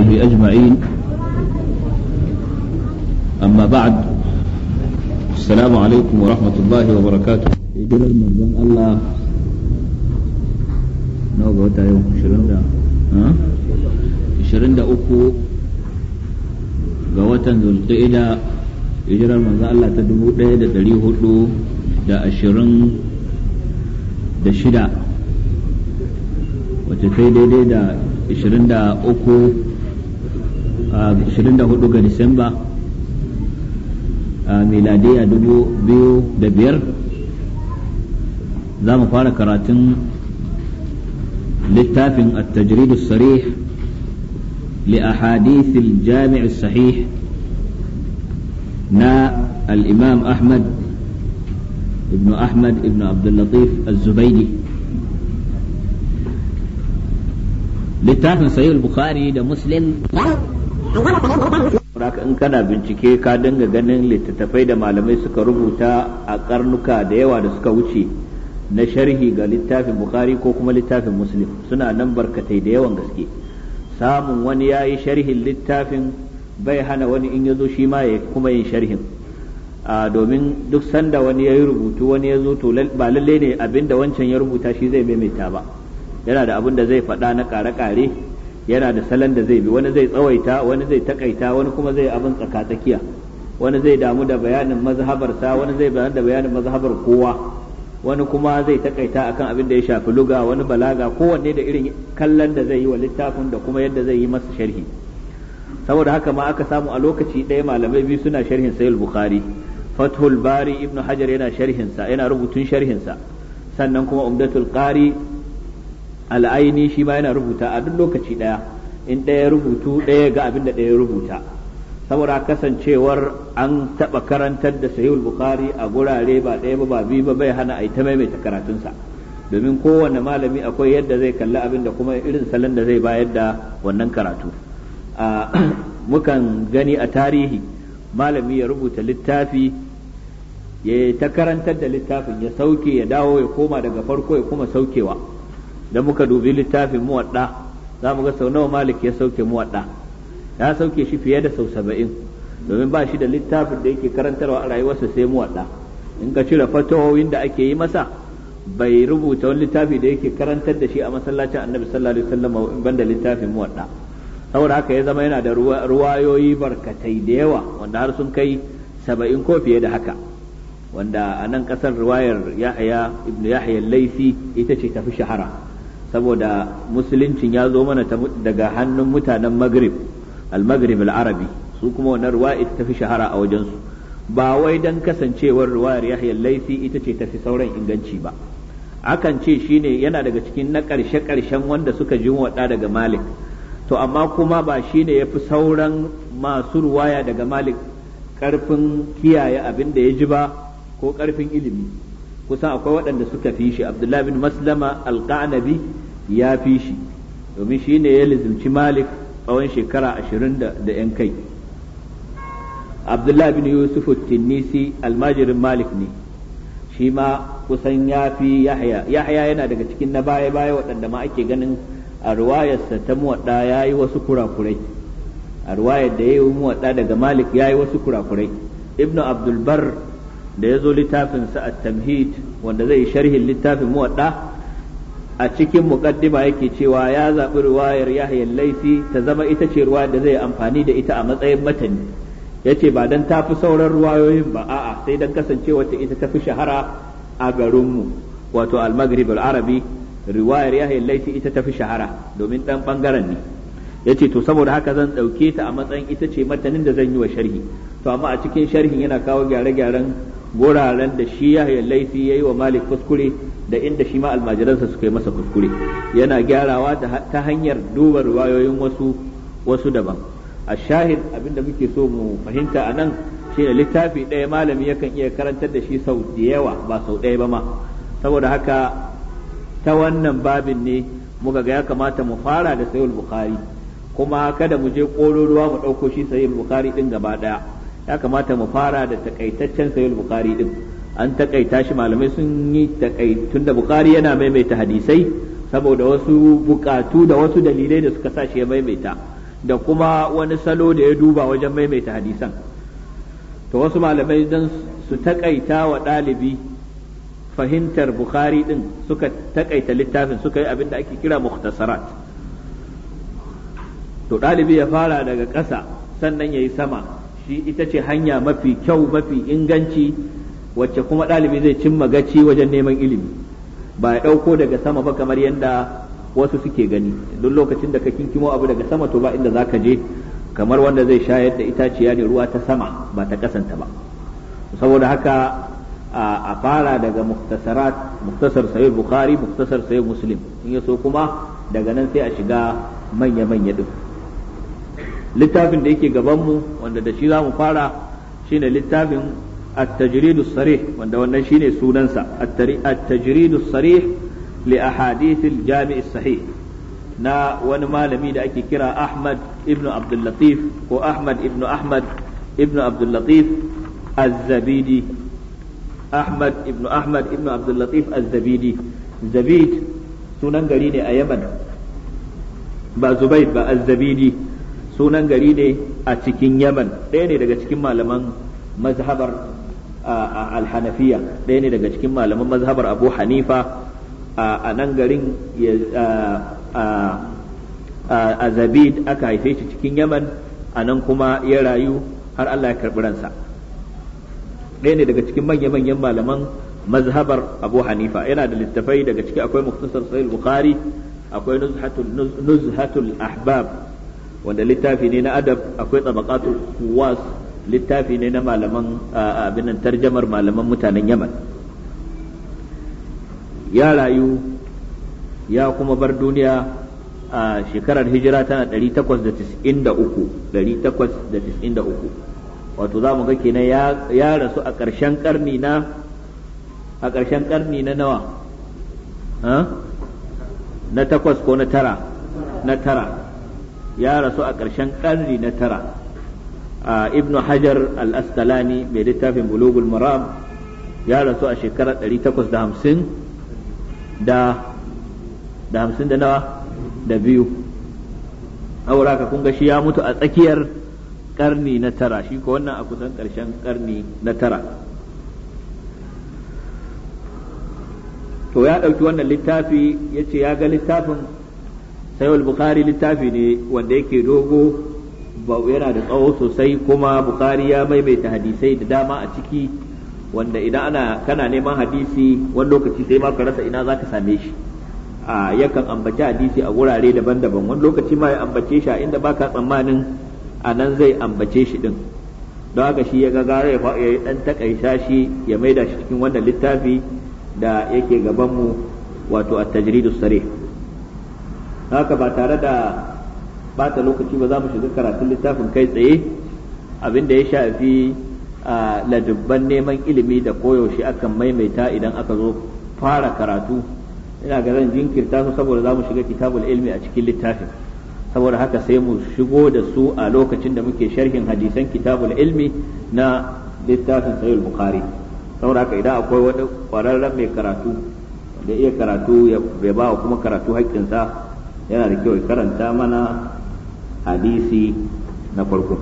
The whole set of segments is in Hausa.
وصحبه أجمعين أما بعد السلام عليكم ورحمة الله وبركاته إجر المرضان الله نوبة وتعيو شرندا ها شرندا أكو قوة ذو القئدة إجر المرضان الله تدبو ليدة دليه da ashirin da shida wacce ta daidai da ashirin da uku 24 ga disamba miladiya 2005 za mu fara karatun littafin التجريد الصريح لأحاديث الجامع الصحيح نا الإمام أحمد ابن أحمد ابن عبد اللطيف الزبيدي littafin sayi bukhari da muslim haka in kana bincike ka dinga ganin littattafai da malamai suka rubuta a karnuka da yawa da suka wuce na sharhi ga littafin bukari ko kuma littafin muslim suna nan barkatai da yawan gaske samun wani ya yi sharhin littafin bai hana wani in ya zo shi ma ya kuma yin sharhin a domin duk sanda wani ya yi rubutu wani ya zo to ba lallai ne abinda wancan ya rubuta shi zai maimaita ba yana da abin da zai faɗa na kare kare. yana da salon da zai bi wani zai tsawaita wani zai takaita wani kuma zai abin tsaka tsakiya wani zai damu da bayanin mazhabarsa wani zai bayan da bayanin mazhabar kowa wani kuma zai takaita akan abin da ya shafi luga wani balaga kowanne da irin kallon da zai yi wa littafin da kuma yadda zai yi masa sharhi saboda haka ma aka samu a lokaci ɗaya malamai biyu suna sharhin sayil bukhari fathul bari ibnu hajar yana sharhinsa yana rubutun sharhinsa sannan kuma umdatul qari al'aini shi ma yana rubuta a duk lokaci ɗaya in ɗaya rubutu ɗaya ga abin da ɗaya rubuta saboda kasancewar an taɓa karantar da sahihul bukhari a gurare ba ɗaya ba ba biyu ba bai hana a yi ta maimaita karatunsa domin kowane malami akwai yadda zai kalli abin da kuma irin salon da zai bayar da wannan karatu mukan gani a tarihi malami ya rubuta littafi ya ta karantar da littafin ya sauke ya dawo ya koma daga farko ya kuma saukewa da muka dubi littafin muwadda za mu ga sau nawa malik ya sauke muwadda ya sauke shi fiye da sau saba'in domin ba shi da littafin da yake karantarwa a rayuwarsa sai muwadda in ka cire fatawoyin da ake yi masa bai rubuta wani littafi da yake karantar da shi a masallacin annabi sallallahu alaihi wasallam banda littafin muwadda saboda haka ya zama yana da ruwayoyi barkatai da yawa wanda har sun kai saba'in ko fiye da haka wanda a nan kasar ruwayar yahya ibnu yahya laifi ita ce tafi shahara saboda musuluncin ya zo mana daga hannun mutanen maghrib al-maghrib al-arabi su kuma wannan ruwa'i ta fi shahara a wajensu ba wai dan kasancewar ruwayar yahya laifi ita ce ta fi sauran inganci ba akan ce shine yana daga cikin na karshe karshen wanda suka ji wada daga malik to amma kuma ba shine ya fi sauran masu ruwaya daga malik karfin kiyaye abin da ya ji ba ko karfin ilimi kusan akwai waɗanda suka fi shi abdullahi bin maslama alqanabi ya fi shi domin shi ne ya lizimci malik tsawon shekara ashirin da yan kai abdullahi bin yusuf tunisi almajirin malik ne shi ma kusan ya fi yahya yahya yana daga cikin na baya baya waɗanda ma ake ganin a ruwayarsa ta muwaɗa ya yi wasu kurakurai a ruwayar da ya yi muwaɗa daga malik ya yi wasu kurakurai ibnu abdulbar da ya zo littafin sa a tamhid wanda zai sharhin littafin muwadda a cikin muqaddima yake cewa ya zabi riwayar Yahya laifi ta zama ita ce ruwa da zai amfani da ita a matsayin matani yace ba dan tafi sauran ruwayoyin ba a'a sai dan kasancewa ta ita tafi shahara a garinmu wato al-Maghrib al-Arabi riwayar Yahya laifi laisi ita tafi shahara domin dan bangaren ne ya ce to saboda haka zan ɗauke ta a matsayin ita ce matanin da zan yi wa sharhi to amma a cikin sharhin yana kawo gyare-gyaren guraren da shi ya yi laifi ya yi wa malik kuskure da inda shi ma almajiransa suka yi masa kuskure yana gyarawa ta hanyar duba ruwayoyin wasu wasu daban a shahid abinda muke so mu fahimta a nan shi ne littafi ɗaya malami yakan iya karantar da shi sau da yawa ba sau ɗaya ba ma saboda haka ta wannan babin ne muka ga ya kamata mu fara da sayul bukhari kuma kada mu je ƙoro ruwa mu ɗauko shi sayul bukhari ɗin gaba ɗaya ya kamata mu fara da takaitaccen sayul bukhari din an takaita shi malamai sun yi takaitun da bukari yana maimaita hadisai saboda wasu bukatu da wasu dalilai da suka sa shi ya maimaita da kuma wani salo da ya duba wajen maimaita hadisan to wasu malamai dan su takaita wa ɗalibi fahimtar bukhari din suka takaita littafin suka yi abin da ake kira muhtasarat to ɗalibi ya fara daga ƙasa sannan ya yi sama shi ita ce hanya mafi kyau mafi inganci wacce kuma ɗalibi zai cimma gaci wajen neman ilimi ba ya ɗauko daga sama ba kamar yadda wasu suke gani duk lokacin da ka kinkimo abu daga sama to ba inda za ka je kamar wanda zai shayar da itaciya ne ruwa ta sama ba ta kasanta ba saboda haka a fara daga muktasarat muktasar sai bukhari muktasar sai muslim in ya so kuma daga nan sai a shiga manya-manya duk littafin da yake gabanmu wanda da shi za mu fara shine littafin at-tajridu sarih wanda wannan shine sunansa at-tajridu sarih li ahadith al-jami' sahih na wani malami da ake kira Ahmad ibn Abdul Latif ko Ahmad ibn Ahmad ibn Abdul Latif az-Zabidi Ahmad ibn Ahmad ibn Abdul Latif az-Zabidi Zabid sunan gari ne a Yaman ba Zubayd ba az-Zabidi sunan gari ne a cikin yaman ɗaya ne daga cikin malaman mazhabar alhanafiya ɗaya ne daga cikin malaman mazhabar abu hanifa a nan garin a zabid aka haife shi cikin yaman a nan kuma ya rayu har allah ya karɓi ransa ɗaya ne daga cikin manya-manyan malaman mazhabar abu hanifa yana da littafai daga ciki akwai muktasar sahih bukhari akwai nuzhatul ahbab wanda littafi ne na adab akwai tabaqatul kuwas littafi ne na malaman abin tarjamar malaman mutanen yaman ya rayu ya kuma bar duniya a shekarar hijira tana 893 wato za mu ga kenan ya rasu a ƙarshen ƙarni na a ƙarshen ƙarni na nawa na takwas ko na tara na tara ya rasu a ƙarshen ƙarni na tara a ibnu hajar al-asqalani mai littafin bulugul maram ya rasu a shekarar 850 da da hamsin da nawa da biyu aura ka kunga shi ya mutu a tsakiyar ƙarni na tara shi ko wannan a kusan ƙarshen ƙarni na tara to ya ɗauki wannan littafi ya ce ya ga littafin sayul bukhari littafi ne wanda yake dogo yana da tsawo sosai kuma bukari ya maimaita hadisai da dama a ciki wanda idan ana kana neman hadisi wani lokaci sai ma ka rasa ina zaka same shi a yakan ambaci hadisi a wurare daban-daban wani lokaci ma ya ambace shi a inda baka tsammanin a nan zai ambace shi din don haka shi ya ga gara ya yi dan takaita shi ya maida shi cikin wannan littafi da yake gabanmu wato at-tajridus sarih haka ba tare da bata lokaci ba za mu shiga karatun littafin kai tsaye abinda ya shafi a ladubban neman ilimi da koyaushe akan maimaita idan aka zo fara karatu ina ga zan jinkirta su saboda za mu shiga kitabul ilmi a cikin littafin saboda haka sai mu shigo da su a lokacin da muke sharhin hadisan kitabul ilmi na littafin sahih bukhari saboda haka idan akwai wani kwararren mai karatu da iya karatu ya ba kuma karatu haƙƙinsa yana da kyau karanta mana hadisi na farko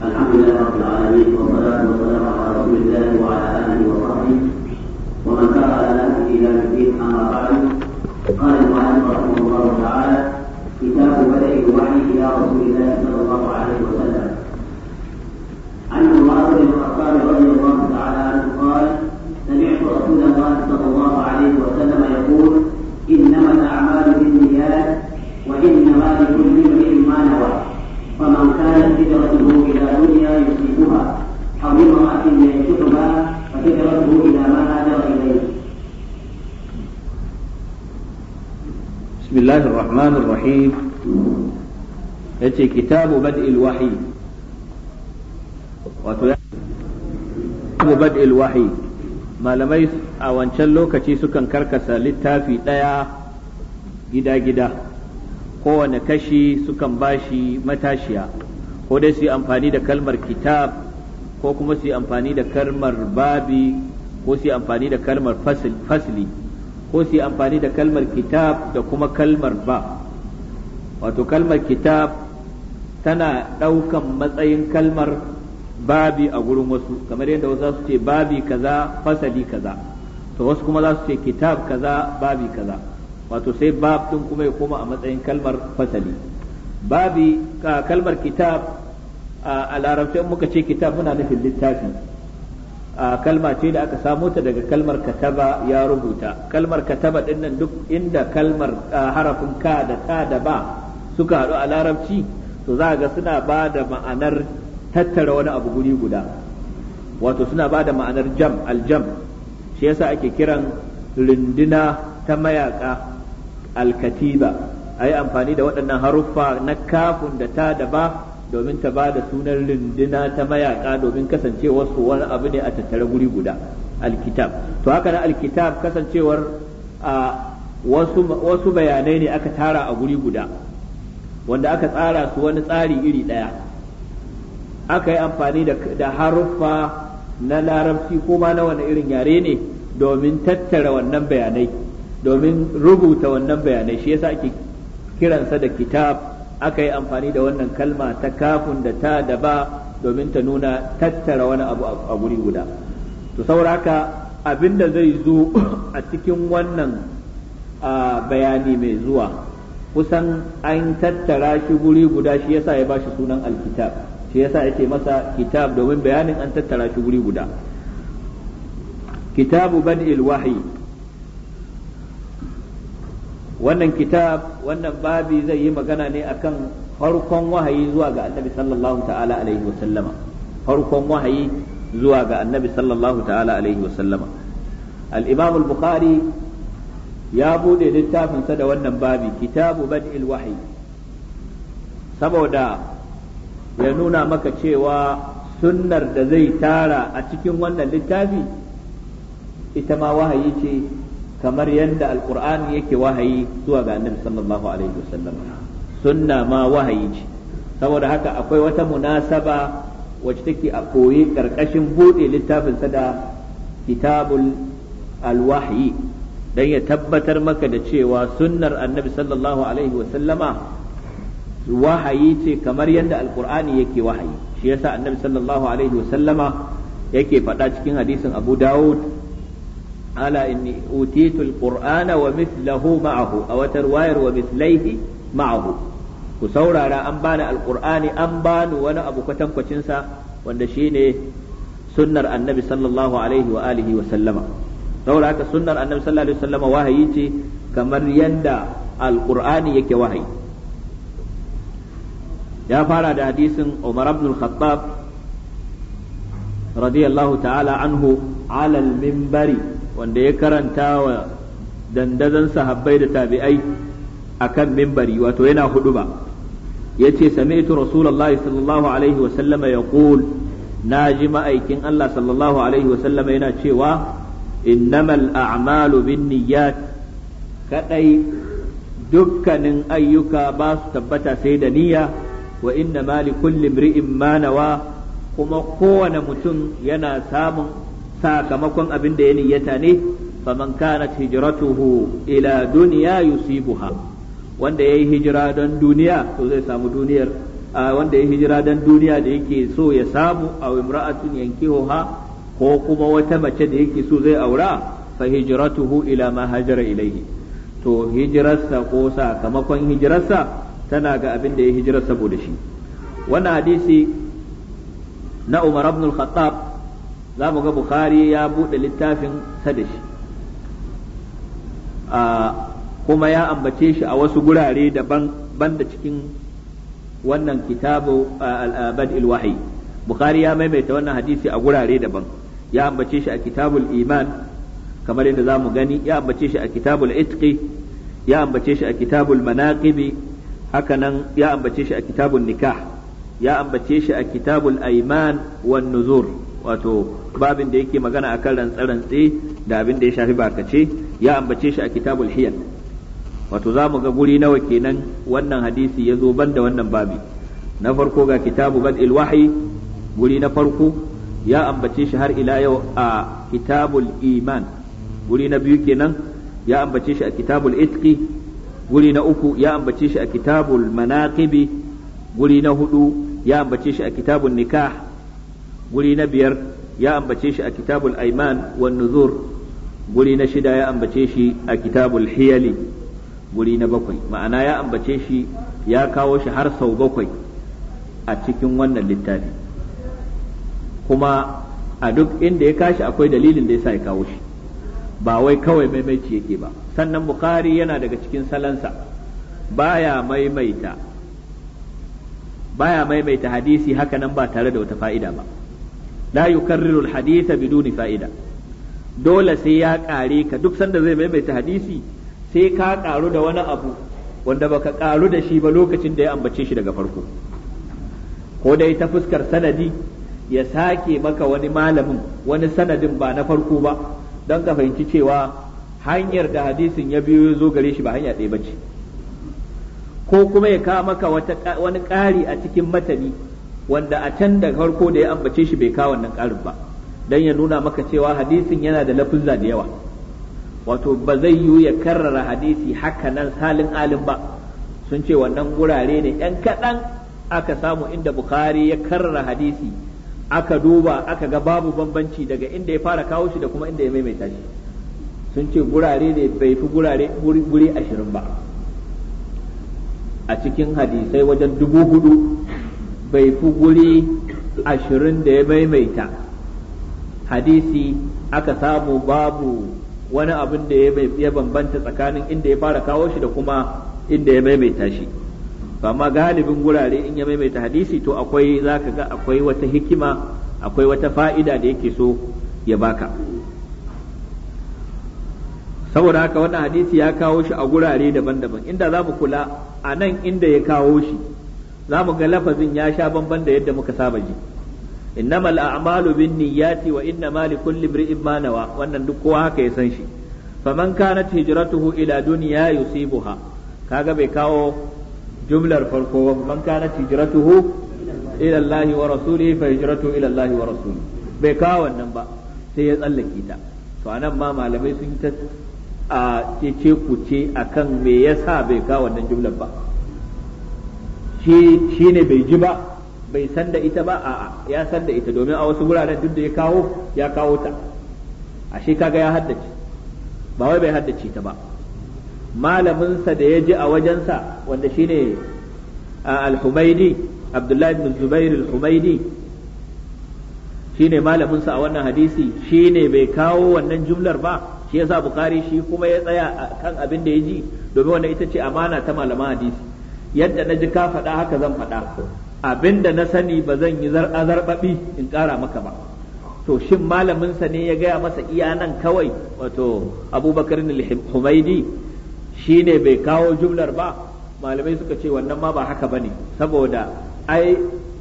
الحمد لله رب العالمين والصلاة والسلام على رسول الله وعلى آله وصحبه ومن سار على نفسه إلى الدين أما بعد قال المعلم رحمه الله تعالى كتاب بدء الوحي إلى رسول الله صلى الله عليه وسلم عن المعاصر بن الخطاب رضي الله هجرته إلى ما هاجر إليه بسم الله الرحمن الرحيم يأتي كتاب بدء الوحي kitabu bad'il wahyi malamai a wancan lokaci sukan karkasa littafi ɗaya gida-gida kowane kashi sukan bashi matashiya ko dai su yi amfani da kalmar kitab ko kuma su yi amfani da kalmar babi ko su yi amfani da kalmar fasli ko su yi amfani da kalmar kitab da kuma kalmar ba wato kalmar kitab tana ɗaukan matsayin kalmar babi a gurin wasu kamar yadda wasu za su ce babi kaza fasali kaza to wasu kuma za su ce kitab kaza babi kaza wato sai bab din kuma ya koma a matsayin kalmar fasali babi kalmar kitab a larabcin muka ce kitab muna nufin littafi kalma ce da aka samo ta daga kalmar kataba ya rubuta kalmar kataba din nan duk inda kalmar harafin ka da ta da ba suka haɗu a larabci to za ga suna ba da ma'anar tattara wani abu guri guda wato suna ba da ma'anar jam aljam shi yasa ake kiran runduna ta mayaka alkatiba a yi amfani da waɗannan haruffa na kafin da ta da ba domin ta ba da sunan rindina ta mayaka domin kasancewar su wani abu ne a tattare guri guda alkitab to haka na alkitab kasancewar a wasu wasu bayanai ne aka tara a guri guda wanda aka tsara su wani tsari iri daya aka yi amfani da haruffa na larabci ko ma na wani irin yare ne domin tattara wannan bayanai domin rubuta wannan bayanai shi yasa ake kiransa da kitab aka yi amfani da wannan kalma ta kafin da ta da ba domin ta nuna tattara wani abu a guri guda to sauraka abin da zai zo a cikin wannan bayani mai zuwa kusan an tattara shi guri guda shi yasa ya bashi sunan alkitab shi yasa yake masa kitab domin bayanin an tattara shi guri guda kitabu bad'il wahyi wannan kitab wannan babi zai yi magana ne akan farkon wahayi zuwa ga annabi sallallahu ta'ala alaihi wa sallama farkon wahayi zuwa ga annabi sallallahu ta'ala alaihi wa sallama al-imam al-bukhari ya bude littafin sa da wannan babi kitabu bad'il wahyi saboda ya nuna maka cewa sunnar da zai tara a cikin wannan littafi ita ma wahayi ce kamar yadda alkur'ani yake wahayi zuwa ga annabi sallallahu alaihi wasallam sunna ma wahayi ce saboda haka akwai wata munasaba wacce take a koyi karkashin bude littafin sa da kitabul alwahyi dan ya tabbatar maka da cewa sunnar annabi sallallahu alaihi wasallama wahayi ce kamar yadda alkur'ani yake wahayi shi yasa annabi sallallahu alaihi wasallama yake faɗa cikin hadisin abu dawud ala inni utitu alqur'ana wa mithlahu ma'ahu a wata wayar wa mithlaihi ma'ahu ku saurara an bani alqur'ani an bani wani abu kwatankwacin sa wanda shine sunnar annabi sallallahu alaihi wa alihi wa sallama saboda haka sunnar annabi sallallahu alaihi wa sallama wahayi ce kamar yadda alqur'ani yake wahayi ya fara da hadisin Umar ibn al radiyallahu ta'ala anhu ala al wanda ya karanta wa dandazon sahabbai da tabi'ai akan mimbari wato yana hudu ba yace sami'tu rasulullahi sallallahu alaihi wa sallama na ji ma'aikin Allah sallallahu alaihi wa yana cewa innamal a'malu binniyat kadai dukkanin ayyuka ba su tabbata sai da niyya wa inna mali kulli imri'in ma nawa kuma kowane mutum yana samun sakamakon abin da ya niyyata ne faman kanat hijratuhu ila dunya yusibuha wanda yayi hijira dan duniya to zai samu duniyar A wanda yayi hijira don duniya da yake so ya samu aw imra'atun yankihuha ko kuma wata mace da yake so zai aura fa hijratuhu ila ma hajara ilayhi to hijirarsa ko sakamakon hijirarsa tana ga abin da ya hijira saboda shi wannan hadisi na Umar ibn al-Khattab za mu ga bukari ya buɗe littafin sadashi kuma ya ambace shi a wasu gurare daban banda cikin wannan kitabu al-abad al bukari ya maimaita wannan hadisi a gurare daban ya ambace shi a kitabul iman kamar yadda za mu gani ya ambace shi a kitabul itqi ya ambace shi a kitabul manaqibi hakanan ya ambace shi a kitabun nikah ya ambace shi a kitabul aiman wan nuzur wato babin da yake magana a kan rantsarantse da abin da ya shafi bakace ya ambace shi a kitabul hiyal wato za mu ga guri nawa kenan wannan hadisi ya zo ban da wannan babi na farko ga kitabu bad'il wahyi guri na farko ya ambace shi har ila yau a kitabul iman guri na biyu kenan ya ambace shi a kitabul itqi guri na uku ya ambace shi a kitabul manaqibi guri na hudu ya ambace shi a kitabun nikah guri na biyar ya ambace shi a kitabul aiman wan nuzur guri na shida ya ambace shi a kitabul hiyali guri na bakwai ma'ana ya ambace shi ya kawo shi har sau bakwai a cikin wannan littafi kuma a duk inda ya kashi akwai dalilin da ya sa ya kawo shi ba wai kawai maimaici yake ba sannan bukari yana daga cikin salansa baya maimaita baya maimaita hadisi haka nan ba tare da wata fa'ida ba la yukarriru alhaditha biduni fa'ida dole sai ya kare ka duk sanda zai maimaita hadisi sai ka karu da wani abu wanda baka karu da shi ba lokacin da ya ambace shi daga farko ko dai ta fuskar sanadi ya sake maka wani malamin wani sanadin ba na farko ba don ka fahimci cewa hanyar da hadisin ya biyo ya zo gare shi ba hanya ɗaya bace ko kuma ya kawo maka wani ƙari a cikin matani wanda a can da farko da ya ambace shi bai kawo wannan karin ba dan ya nuna maka cewa hadisin yana da lafuzza da yawa wato ba zai yiwu ya karrara hadisi haka nan salin alim ba sun ce wannan gurare ne yan kaɗan aka samu inda bukhari ya karrara hadisi aka duba aka ga babu bambanci daga inda ya fara kawo shi da kuma inda ya maimaita shi sun ce gurare ne bai fi gurare guri ashirin ba a cikin hadisai wajen dubu hudu bai fi guri ashirin da ya maimaita hadisi aka samu babu wani abin da ya bambanta tsakanin inda ya fara kawo shi da kuma inda ya maimaita shi amma galibin gurare in ya maimaita hadisi to akwai za ka ga akwai wata hikima akwai wata fa'ida da yake so ya baka saboda haka wannan hadisi ya kawo shi a gurare daban-daban inda za mu kula a nan inda ya kawo shi za mu ga lafazin ya sha bamban da yadda muka saba ji innamal a'malu binniyati wa innama likulli imrin ma nawa wannan duk kowa haka ya san shi faman kanat hijratuhu ila dunya yusibuha kaga bai kawo jumlar farko ba man kanat hijratuhu ila Allah wa rasulihi fa hijratuhu ila Allah wa rasulihi bai kawo wannan ba sai ya tsallake ta to anan ma malamai sun yi ta a ce ku ce akan me yasa bai kawo wannan jumlar ba shi ne bai ji ba bai san da ita ba a'a ya san da ita domin a wasu wuraren duk da ya kawo ya kawo ta A shi kaga ya haddace ba wai bai haddace ta ba malaminsa da ya ji a wajensa wanda shine al-Humaidi Abdullahi ibn Zubair al-Humaidi shine malaminsa a wannan hadisi shine bai kawo wannan jumlar ba shi yasa Bukhari shi kuma ya tsaya kan abin da ya ji domin wannan ita ce amana ta malaman hadisi yadda na ji ka faɗa haka zan faɗa abinda na sani ba zan yi zarɓaɓi in ƙara maka ba to shin malaminsa ne ya gaya masa iya nan kawai wato abubakar humaidi shi ne bai kawo jumlar ba malamai suka ce wannan ma ba haka ba ne saboda ai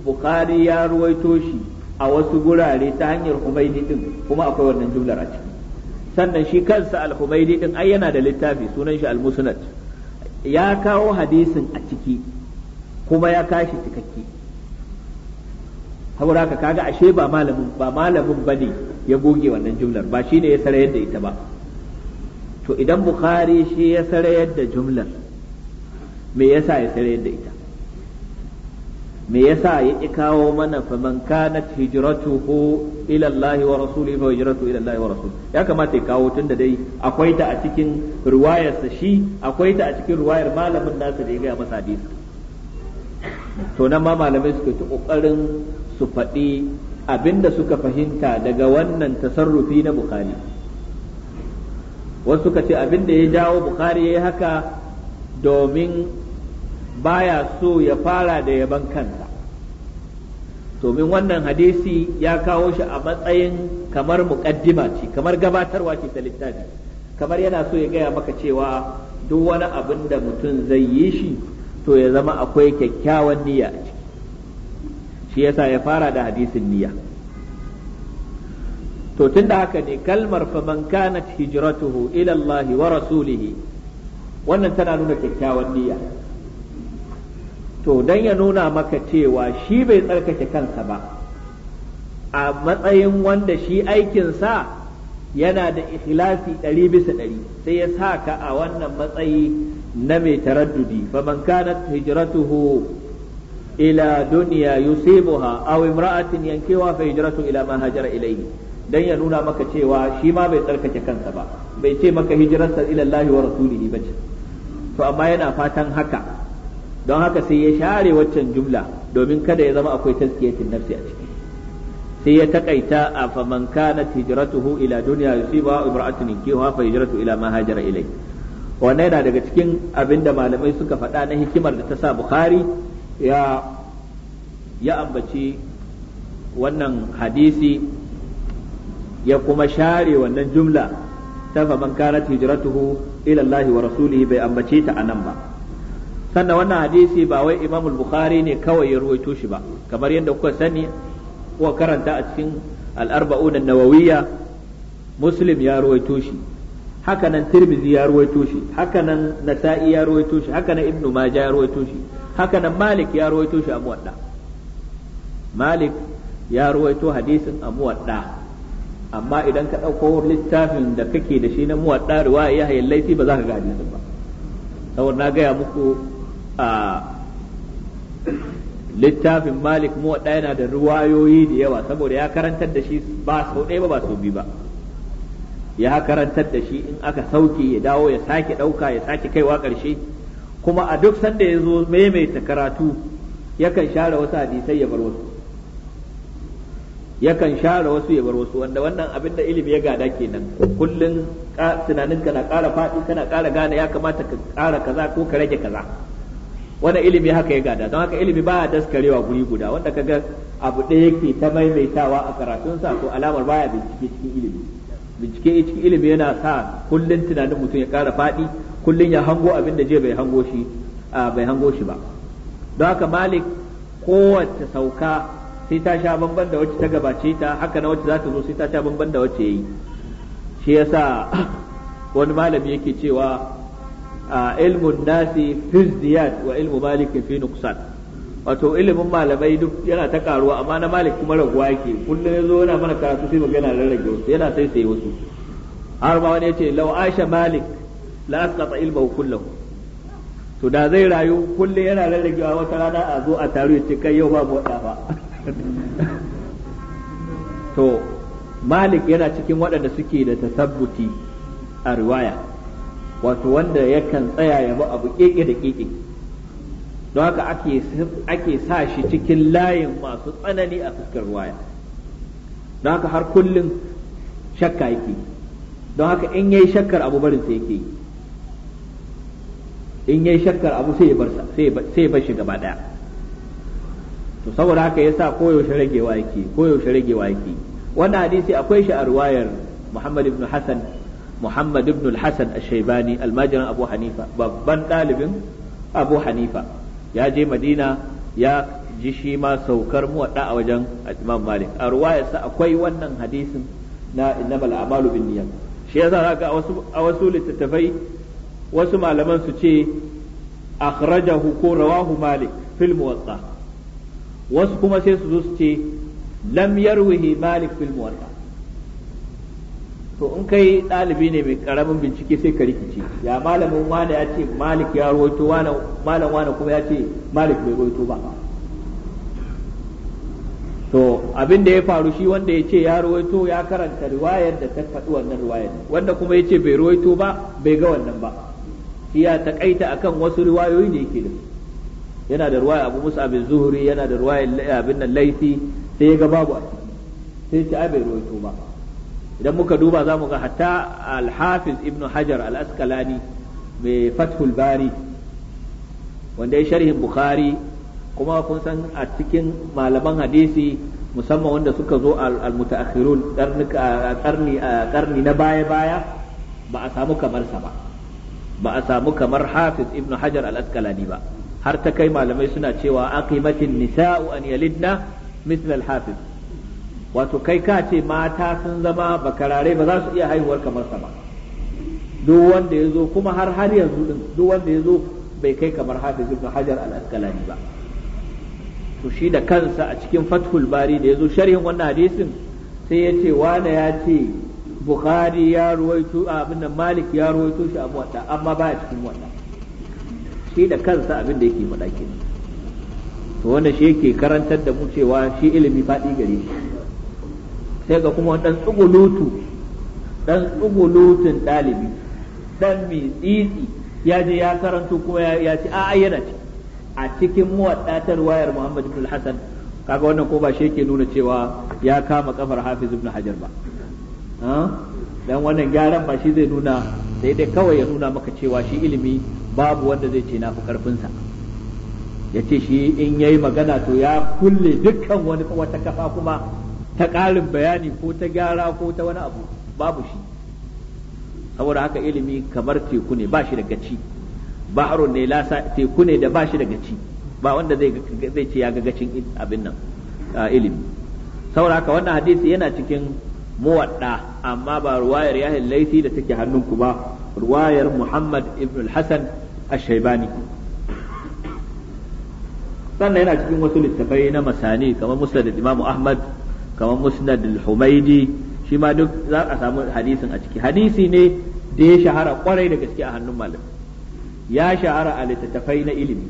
bukari ya ruwaito shi a wasu gurare ta hanyar humaidi din kuma akwai wannan jumlar a ciki sannan shi kansa al-humaidi din ai yana da littafi sunan shi al ya kawo hadisin a ciki kuma ya kashi cikakke Hauraka ka kaga ashe ba malamin ba malamin bane ya goge wannan jumlar ba shine ya sare yadda ita ba to idan bukhari shi ya sare yadda jumlar me yasa ya sare yadda ita me yasa ya ki kawo mana fa man kanat hijratuhu ila Allah wa rasuli fa hijratu ila Allah wa rasul ya kamata ya kawo tunda dai akwai ta a cikin riwayar sa shi akwai ta a cikin riwayar malamin nasa da ya ga masa hadisi to nan ma malamai suka ta kokarin su faɗi abinda suka fahimta daga wannan tasarrufi na bukhari wasu suka ce abinda ya jawo bukhari yayi haka domin baya so ya fara da yaban kansa domin wannan hadisi ya kawo shi a matsayin kamar muƙaddima ce kamar gabatarwa ce ta littafi kamar yana so ya gaya maka cewa duk wani abin da mutum zai yi shi to ya zama akwai kyakkyawan niyya a ciki shi yasa ya fara da hadisin niyya to tunda haka ne kalmar fa man kanat hijratuhu ila Allah wa rasulihi wannan tana nuna kyakkyawan niyya to don ya nuna maka cewa shi bai tsarkake kansa ba a matsayin wanda shi aikinsa yana da ikhlasi ɗari bisa ɗari sai ya sa ka a wannan matsayi na mai taraddudi faman kanat hijratuhu ila dunya yusibuha aw imra'atin yankewa fa hijratu ila ma hajara ilayhi dan ya nuna maka cewa shi ma bai tsarkake kansa ba bai ce maka hijirarsa ila Allah wa rasulihi bace to amma yana fatan haka don haka sai ya share waccan jumla domin kada ya zama akwai tazkiyatin nafsi a ciki sai ya takaita a faman kanat hijratuhu ila dunya yusiba imra'atun yankihuha fa hijratu ila ma hajara ilai wannan yana daga cikin abin da malamai suka faɗa na hikimar da ta sa bukhari ya ya ambaci wannan hadisi ya kuma share wannan jumla ta faman kanat hijratuhu ila Allah wa rasulihi bai ambace ta anan ba sannan wannan hadisi ba wai Imam bukhari ne kawai ya ruwaito shi ba kamar yadda kuka sani kuka karanta a cikin al da nawawiya. nawawiyya Muslim ya ruwaito shi haka nan Tirmidhi ya ruwaito shi haka nan Nasa'i ya ruwaito shi haka nan Ibn Majah ya ruwaito shi haka nan Malik ya ruwaito shi a muwadda Malik ya ruwaito hadisin a muwadda amma idan ka ɗauko littafin da kake da shi na muwadda riwaya ya hayyallai ba za ka ga hadisin ba saboda na gaya muku littafin malik mu yana da ruwayoyi da yawa saboda ya karantar da shi ba sau ɗaya ba ba sau biyu ba ya karantar da shi in aka sauke ya dawo ya sake ɗauka ya sake kaiwa ƙarshe kuma a duk sanda ya zo maimaita karatu yakan share wasu hadisai ya bar wasu yakan share wasu ya bar wasu wanda wannan abin da ilimi ya gada kenan kullum tunaninka na ƙara faɗi kana ƙara gane ya kamata ka ƙara kaza ko ka rage kaza wani ilimi haka ya gada don haka ilimi baya daskarewa guri guda wanda kaga abu ɗaya yake ta maimaitawa a karatun sa ko alamar baya bincike cikin ilimi bincike cikin ilimi yana sa kullun tunanin mutum ya ƙara faɗi kullun ya hango abin da je bai hango shi bai hango shi ba don haka malik kowace sauka sai ta sha bamban da wacce ta gabace ta haka na wacce za ta zo sai ta sha bamban da wacce yayi shi yasa wani malami yake cewa علم nasi في الزياد wa ilmu malik نقصان wato ilimin malamai duk yana ta karuwa amma na malik kuma raguwa yake kullum yazo yana mana karatu sai magana rarrage wasu yana sai sai wasu har ma wani yace law aisha malik la asqata ilmahu kullahu to da zai rayu kullum yana rarragewa wata rana a zo a taru yace kai yau ba mu ba to malik yana cikin waɗanda suke da tasabbuti a riwaya wato wanda yakan tsaya ya bi abu keke da keke don haka ake ake sa shi cikin layin masu tsanani a fuskar waya don haka har kullum shakka yake don haka in yayi shakkar abu barin sai yake in yayi shakkar abu sai ya bar sa sai ya bar shi gaba daya to saboda haka yasa koyaushe ragewa yake koyaushe ragewa yake wannan hadisi akwai shi a ruwayar Muhammad ibn Hassan Muhammad ibn al-Hasan al-Shaybani Abu Hanifa babban ɗalibin Abu Hanifa ya je Madina ya ji shi ma saukar muwadda a wajen Imam Malik a ruwayarsa akwai wannan hadisin na innamal a'malu binniyat shi yasa zaka a wasu littattafai wasu malaman su ce akhrajahu ko rawahu Malik fil muwatta wasu kuma sai su zo su ce lam yarwihi Malik fil muwatta to in kai ɗalibi ne mai ƙaramin bincike sai ka rikice. ya malamin wani ya ce malik ya rawaito wani malam wani kuma ya ce malik bai rawaito ba to abin da ya faru shi wanda ya ce ya rawaito ya karanta riwayar da ta faɗi wannan riwayar wanda kuma ya ce bai rawaito ba bai ga wannan ba shi ya takaita akan wasu riwayoyi da yake da yana da riwaya abu musa bin zuhuri yana da ruwaya eh, abin nan laifi sai ya ga babu a sai ce ai bai rawaito ba idan muka duba za mu ga hatta alhafiz ibnu hajar al mai fathul bari wanda ya sharhin bukhari kuma kun san a cikin malaman hadisi musamman wanda suka zo al-mutaakhirun karni karni na baya baya ba a samu kamar sa ba ba a samu kamar hafiz ibnu hajar al ba har ta kai malamai suna cewa aqimatin nisa'u an yalidna misl al-hafiz wato kai ka ce mata sun zama bakarare ba za su iya haihuwar kamar sa ba duk wanda ya zo kuma har har yanzu din duk wanda ya zo bai kai kamar hafiz ibn hajar al-asqalani ba to shi da kansa a cikin fathul bari da ya zo sharhin wannan hadisin sai ya ce wani ya ce bukhari ya ruwaito abin nan malik ya ruwaito shi a wata amma ba a cikin wannan shi da kansa abin da yake faɗa to wanda shi yake karantar da mu cewa shi ilimi faɗi gare shi sai ga kuma dan tsugulutu dan tsugulutun dalibi dan mai tsitsi ya je ya karanto kuma ya ci a'a yana ce a cikin muwaddatar wayar Muhammad ibn al-Hasan kaga wannan ko ba shi yake nuna cewa ya kama kafar Hafiz ibn Hajar ba dan wannan gyaran ba shi zai nuna sai dai kawai ya nuna maka cewa shi ilimi babu wanda zai ce nafi karfinsa ya ce shi in yayi magana to ya kulle dukkan wani wata kafa kuma ta ƙarin bayani ko ta gyara ko ta wani abu babu shi saboda haka ilimi kamar teku ne ba shi da gaci baharun ne lasa teku ne da ba shi da gaci ba wanda zai ce ya ga gacin abin nan ilimi saboda haka wannan hadisi yana cikin muwadda amma ba ruwayar yahin laifi da take hannunku ba ruwayar muhammad ibn al-hasan ash sannan yana cikin wasu littafai na masani kamar da imamu ahmad kamar musnad al-humaidi shi ma duk za a samu hadisin a ciki hadisi ne da ya shahara kwarai da gaske a hannun malam ya shahara a littattafai na ilimi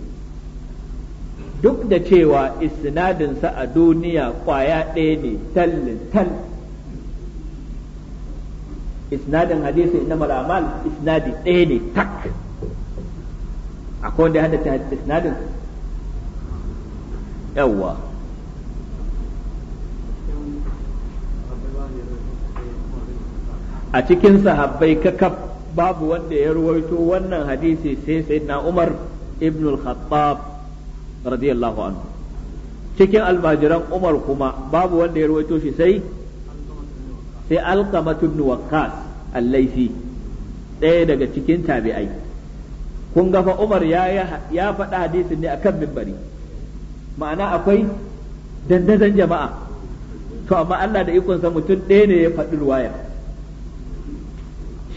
duk da cewa sa a duniya kwaya ɗaya ne tallin tal isnadin hadisi na malamal isnadi ɗaya ne tak akwai wanda ya haddata isnadin yawwa a cikin sahabbai kakaf babu wanda ya ruwaito wannan hadisi sai na Umar ibn al-Khattab radiyallahu anhu cikin almajiran Umar kuma babu wanda ya ruwaito shi sai sai Alqamah ibn Waqqas al-Laythi ɗaya daga cikin tabi'ai kun ga fa Umar ya ya faɗa hadisin ne akan minbari ma'ana akwai dandazon jama'a to amma Allah da ikon sa mutum ɗaya ne ya faɗi ruwaya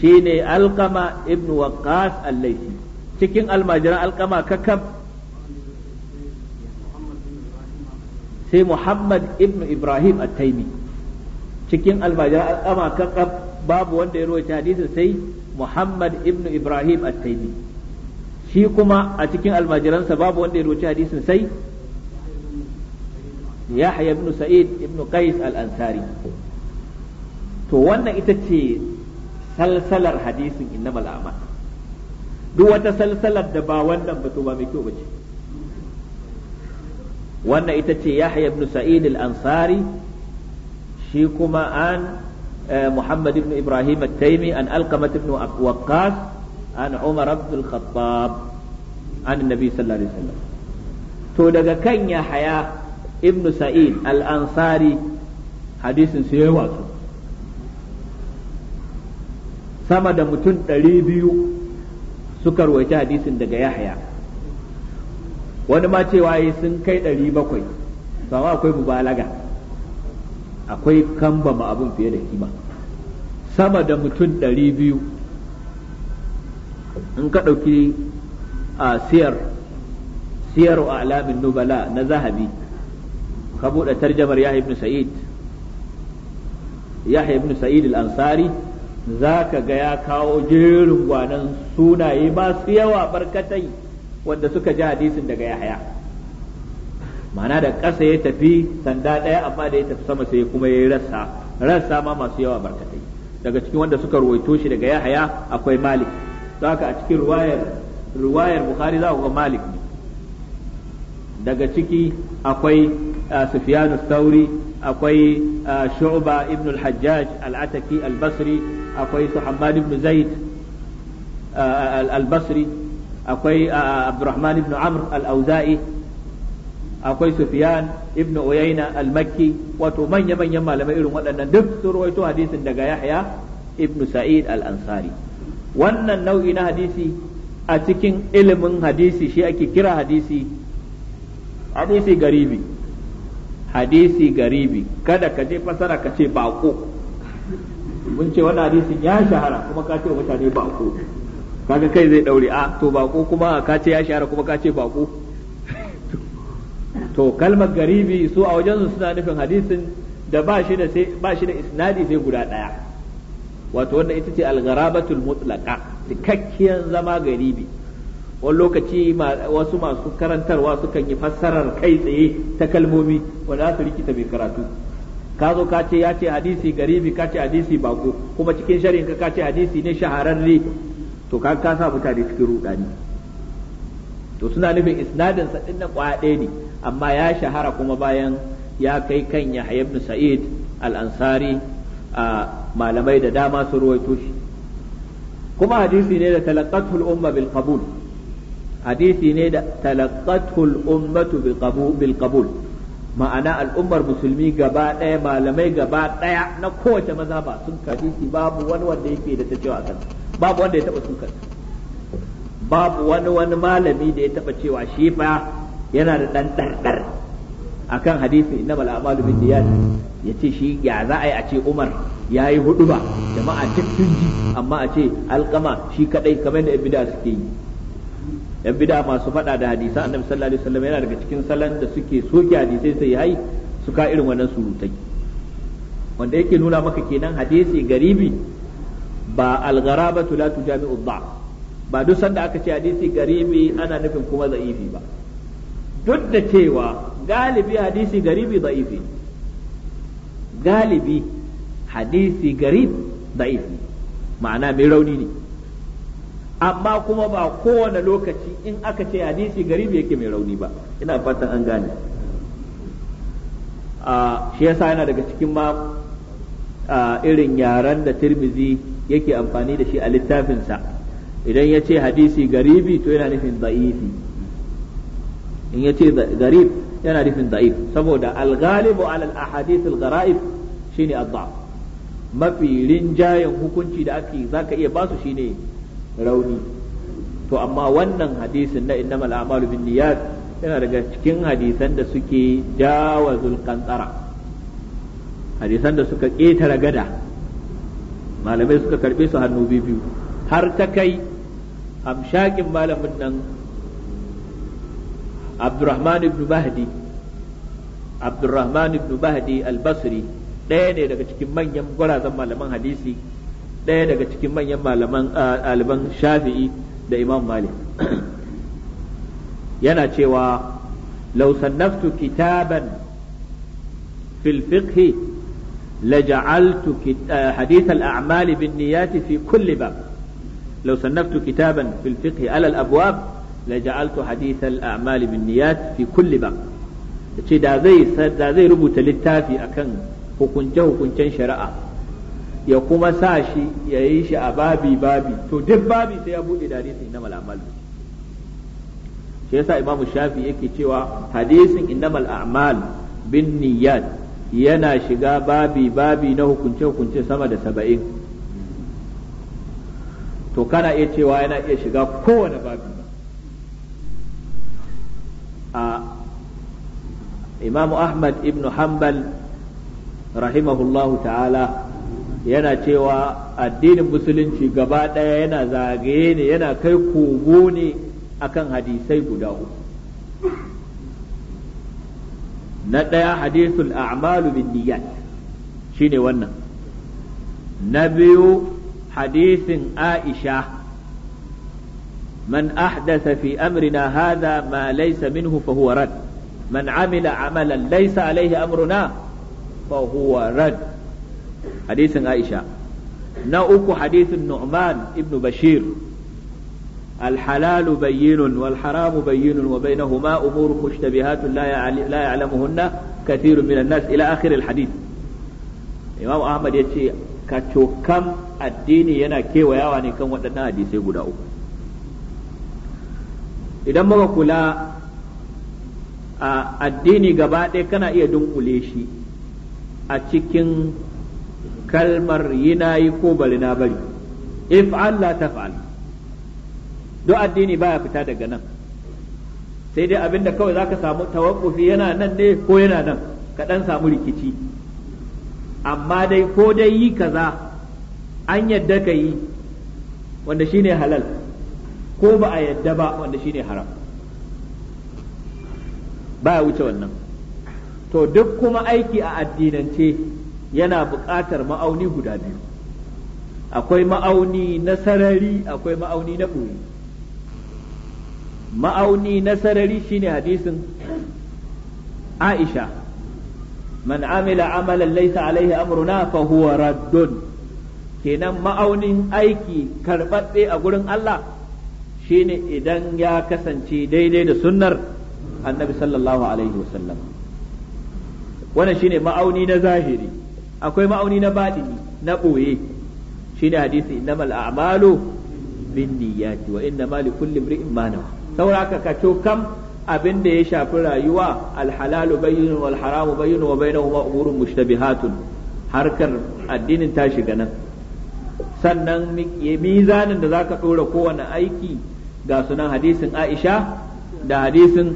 shine alqama ibn waqqas al-laythi cikin almajiran alqama kakab sai muhammad ibn ibrahim at-taymi cikin almajiran alqama kakab babu wanda ya rawaita hadisin sai muhammad ibn ibrahim at-taymi shi kuma a cikin almajiransa babu wanda ya rawaita hadisin sai yahya ibn sa'id ibn qais al-ansari to wannan ita ce salsalar hadisin innamal a'mal duk wata salsalar da ba wannan ba to ba mai kyau bace wannan ita ce Yahya ibn Sa'id al-Ansari shi kuma an eh, Muhammad ibn Ibrahim al taymi an Alqamat ibn Waqqas an Umar ibn al-Khattab an Nabi sallallahu alaihi wasallam to daga kan Yahya ibn Sa'id al-Ansari hadisin sai ya watsu sama da mutum ɗari biyu suka rawaita hadisin daga yahya wani ma cewa yi sun kai ɗari bakwai sama akwai mubalaga akwai ma abin fiye da kima sama da mutum ɗari biyu in ka ɗauki a siyar siyar a alamin nubala na zahabi ka buɗe tarjamar yahya ibn sa'id yahya ibn sa'id al-ansari za ka ga ya kawo jerin gwanan sunaye masu yawa barkatai wanda suka ji hadisin daga haya mana da ƙasa ya tafi sanda ɗaya amma da ya tafi sama sai kuma ya yi rassa rassa ma masu yawa barkatai daga cikin wanda suka ruwaito shi daga haya akwai malik za ka a cikin ruwayar ruwayar bukhari za ku ga malik ne daga ciki akwai sufyanu tauri akwai shu'ba ibn al-hajjaj al-ataki al-basri akwai su Hammad ibn Zaid al-Basri akwai Abdurrahman ibn Amr al-Auza'i akwai Sufyan ibn Uyayna al-Makki wato manya manyan malamai irin waɗannan duk su rawaito hadisin daga Yahya ibn Sa'id al-Ansari wannan nau'i na hadisi a cikin ilimin hadisi shi ake kira hadisi hadisi garibi hadisi garibi kada ka je fasara ka ce baƙo mun ce wannan hadisin ya shahara kuma ka ce mutane bako kaga kai zai daure a ah, to bako kuma ka ce ya shahara kuma ka ce bako to kalmar garibi su a wajen su suna nufin hadisin da ba shi da sai ba shi da isnadi sai guda daya wato wannan ita ce al-gharabatul mutlaqa cikakkiyar zama garibi wani lokaci wasu masu karantarwa sukan yi fassarar kai tsaye ta kalmomi wanda za su rikita mai karatu ka zo ka ce ya ce hadisi garibi ka ce hadisi bako kuma cikin shari'in ka ce hadisi ne shahararre to ka ka sa mutane cikin rudani to suna nufin isnadin sa din na kwaɗe ne amma ya shahara kuma bayan ya kai kan Yahya ibn Sa'id al-Ansari a malamai da dama su ruwaito shi kuma hadisi ne da talaqqatul umma bil qabul hadisi ne da talaqqatul ummatu bil qabul ma'ana al'ummar musulmi gaba ɗaya malamai gaba ɗaya na kowace mazhaba sun kaji shi babu wani wanda yake da ta cewa akan babu wanda ya taba sukar babu wani wani malami da ya taba cewa shi fa yana da dan dardar akan hadisi innamal a'malu ya yace shi ya za a yi a ce Umar ya yi huɗu ba jama'a duk tunji ji amma a ce alƙama shi kadai kamar da ibda suke yi yan bid'a masu fada da hadisa annabi sallallahu alaihi wasallam yana daga cikin salon da suke soke hadisai sai hai su ka irin wannan surutai wanda yake nuna maka kenan hadisi garibi ba al-gharabatu la tujami'u dha'f ba duk sanda aka ce hadisi garibi ana nufin kuma za'ifi ba duk da cewa galibi hadisi garibi za'ifi galibi hadisi garib za'ifi ma'ana mai rauni ne amma kuma ba kowane lokaci in aka ce hadisi gari bai yake mai rauni ba ina fatan an gane a ah, shi yasa yana daga cikin ma ah, irin yaren da tirmizi yake amfani da shi a littafinsa idan ya ce hadisi garibi to yana nufin da'ifi in ya ce garib yana nufin da'if saboda al ala alal ahadith al gharaib shine ad mafi rinjayen hukunci da ake zaka iya basu shine rauni to amma wannan hadisin na innamal a'malu binniyat yana daga cikin hadisan da suke jawazul qantara hadisan da suka ƙetare gada malamai suka karbe su hannu biyu har ta kai amshakin malamin nan Abdurrahman ibn Bahdi Abdurrahman ibn Bahdi al-Basri ɗaya ne daga cikin manyan gwarazan malaman hadisi ɗaya daga cikin manyan malaman ɗaliban shafi'i da imam malik yana cewa law kitaban fil fiqh لجعلت حديث الأعمال بالنيات في كل باب لو صنفت كتابا في الفقه على الأبواب لجعلت حديث الأعمال بالنيات في كل باب da zai rubuta littafi akan hukunce-hukuncen shari'a ya kuma sa shi ya yi shi a babi babi to duk babi sai ya bude da hadisin na a'malu shi yasa imam shafi yake cewa hadisin innamal a'mal bin niyyat yana shiga babi babi na hukunce hukunce sama da saba'in to kana iya cewa yana iya shiga kowane babi a imam ahmad ibn hanbal rahimahullahu ta'ala yana cewa addinin musulunci gaba ɗaya yana zagaye ne yana kai kogo ne akan hadisai guda uku na ɗaya hadisul a'malu bin niyyat shine wannan na biyu hadisin aisha man ahdasa fi amrina hadha ma laysa minhu fa huwa rad man amila amalan laysa alayhi amruna fa huwa hadisin Aisha na uku hadisin Nu'man ibn Bashir الحلال بين والحرام بين وبينهما أمور مشتبهات لا لا يعلمهن كثير من الناس إلى آخر الحديث إمام أحمد يتشي كتوكم الدين ينا كي وياواني كم ودنا حديثي قد idan muka kula a addini gaba ɗaya kana iya dunkule shi a cikin kalmar yi na yi ko bari na bari if Allah ta fa'al duk addini baya fita daga nan sai dai abinda kawai zaka samu tawakufi yana nan ne ko yana nan ka dan samu rikici amma dai ko dai yi kaza an yadda ka yi wanda shine halal ko ba a yadda ba wanda shine haram baya wuce wannan to duk kuma aiki a addinance yana buƙatar ma'auni guda biyu akwai ma'auni na sarari akwai ma'auni na ɓoye ma'auni na sarari shine hadisin aisha man amila amalan laisa alaihi amruna fa huwa raddun kenan ma'aunin aiki karɓaɓɓe a gurin Allah shine idan ya kasance daidai da sunnar annabi sallallahu alaihi wasallam wannan shine ma'auni na zahiri akwai ma'auni na batini na boye shine hadisi innamal a'malu binniyati wa innama likulli imri'in ma nawa saboda ka kam abin da ya shafi rayuwa alhalalu bayyinun wal haramu bayyinun wa bainahuma umurun mushtabihatun harkar addinin ta shiga nan sannan mizanin da zaka dora kowane aiki ga sunan hadisin Aisha da hadisin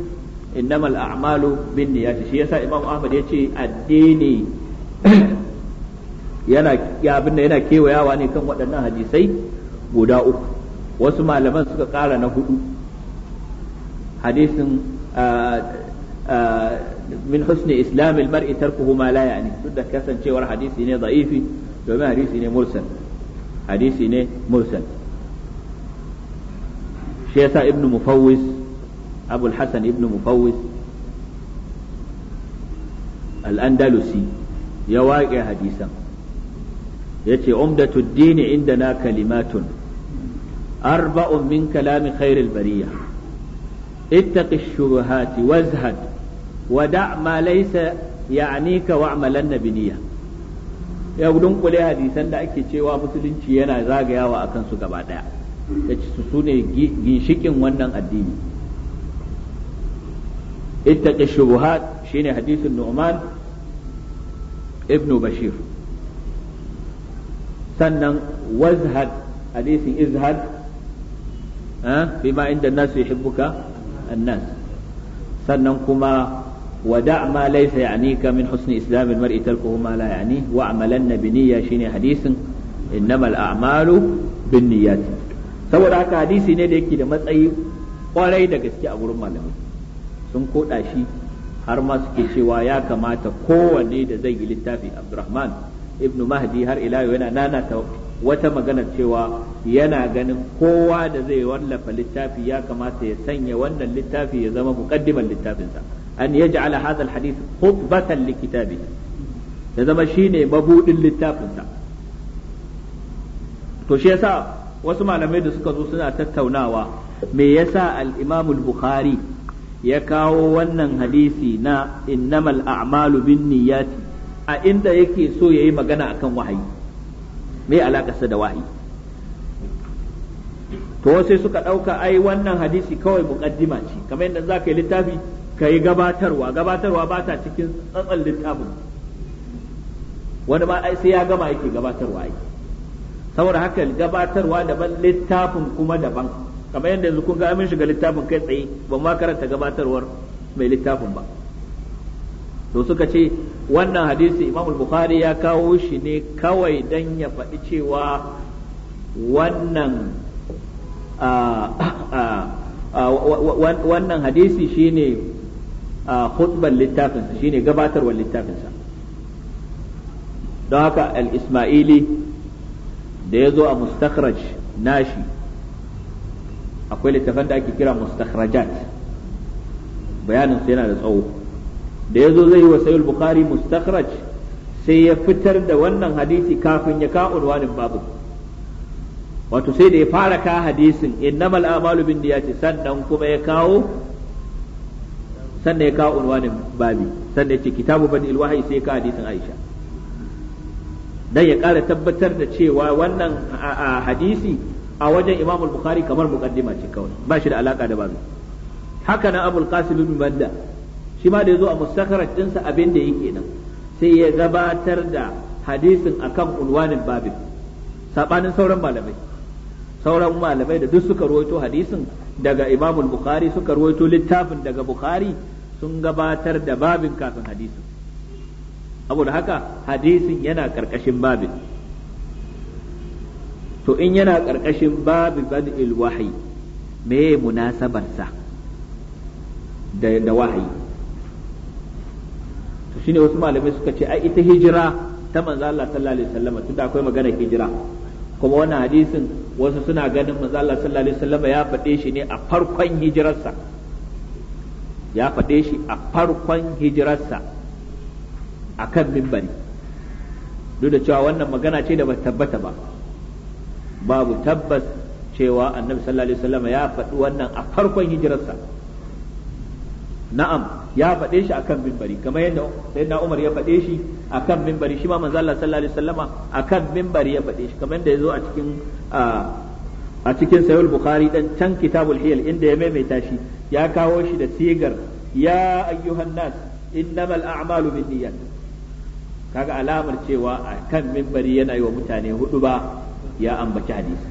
innamal a'malu binniyati shi yasa Imam Ahmad yace addini yana abin da yana kewayawa ne kan waɗannan hadisai guda uku wasu malaman suka ƙara na hudu hadisin min husni islamil almar'i tarkuhu ma la ya'ni duk da kasancewar hadisi ne da'ifi domin hadisi ne mursal hadisi ne mursal shi yasa ibnu mufawwis abul hasan ibnu mufawwis al-andalusi ya waƙe hadisan yace umdatu dini indana kalimatun arba'un min kalami khairil bariya ittaqi shubuhati wazhad wada' ma laysa ya'nika wa'malan nabiyya ya gudun kule hadisan da ake cewa musulunci yana zagayawa akan su gaba daya yace su sune ginshikin wannan addini ittaqi shubuhat shine hadisin Nu'man ibnu Bashir sannan wazhad hadisin izhad bima inda nasu yuhibbuka annas sannan kuma ودع ما ليس يعنيك من حسن إسلام المرء تركه ما لا يعنيه واعملن بنية شيني حديث إنما الأعمال بالنيات saboda haka hadisi ne da yake da matsayi kwarai da gaske a gurin malami sun koda shi har ma suke cewa ya kamata kowanne da zai yi littafi abdurrahman ibnu mahdi har ila yau yana nanata wata magana cewa yana ganin kowa da zai wallafa littafi ya kamata ya sanya wannan littafi ya zama muqaddiman littafinsa an yaj'ala hadha alhadith khutbatan likitabihi ya zama shine mabudin littafinsa to shi yasa wasu malamai da suka zo suna tattaunawa me yasa al-imam al-bukhari ya kawo wannan hadisi na innamal a'malu binniyati a inda yake so yayi magana akan wahayi me sa da wahayi to sai suka ɗauka ai wannan hadisi kawai muqaddima ce kamar yadda za ka yi littafi ka yi gabatarwa gabatarwa ba ta cikin tsatsan littafin wani ma ai sai ya gama yake gabatarwa ai saboda haka gabatarwa daban littafin kuma daban kamar yadda yanzu kun ga mun shiga littafin kai tsaye ban ma karanta gabatarwar mai littafin ba to suka ce wannan hadisi imam bukhari ya kawo shi ne kawai dan ya faɗi cewa wannan wannan hadisi shine khutban littafinsa shine gabatarwar littafinsa don haka al-ismaili da ya zo a mustakhraj nashi akwai littafan da ake kira mustakhrajat bayanin yana da tsawo da yazo zai yi wa sahih bukhari mustakhraj sai ya fitar da wannan hadisi kafin ya ka urwanin babu wato sai da ya fara ka hadisin innamal a'malu bin ce sannan kuma ya kawo sannan ya kawo urwanin babi sannan ya ce kitabu bani ilwahi sai ya hadisin aisha dan ya ƙara tabbatar da cewa wannan hadisi a wajen imam bukhari kamar muqaddima ce kawai ba shi da alaka da babu haka nan abul qasim bin banda shi ma da zo a mustakharaj dinsa abin da yake nan sai ya gabatar da hadisin akan unwanin babin Saɓanin sauran malamai sauran malamai da duk suka ruwaito hadisin daga imamun Bukhari suka ruwaito littafin daga Bukhari sun gabatar da babin kafin hadisin da haka hadisin yana ƙarƙashin babin to in yana ƙarƙashin babi bad'il ilwahi me munasabarsa da wahayi to shine wasu malamai suka ce ai ita hijira ta manzo Allah sallallahu alaihi wasallam tunda akwai magana hijira kuma wannan hadisin wasu suna ganin manzo Allah sallallahu alaihi wasallam ya faɗe shi ne a farkon hijirarsa ya faɗe shi a farkon hijirarsa akan mimbari duk da cewa wannan magana ce da ba tabbata ba babu tabbas cewa annabi sallallahu alaihi wasallam ya faɗi wannan a farkon hijirarsa na'am ya faɗe shi akan mimbari kamar yadda sayyidina Umar ya faɗe shi akan mimbari shi ma manzo Allah sallallahu alaihi wasallama akan mimbari ya faɗe shi kamar yadda yazo a cikin a cikin sahih bukhari dan can kitabul hiyal inda ya maimaita shi ya kawo shi da sigar ya ayyuhan nas innamal a'malu binniyat kaga alamar cewa akan mimbari yana yi wa mutane hudu ba ya ambaci hadisi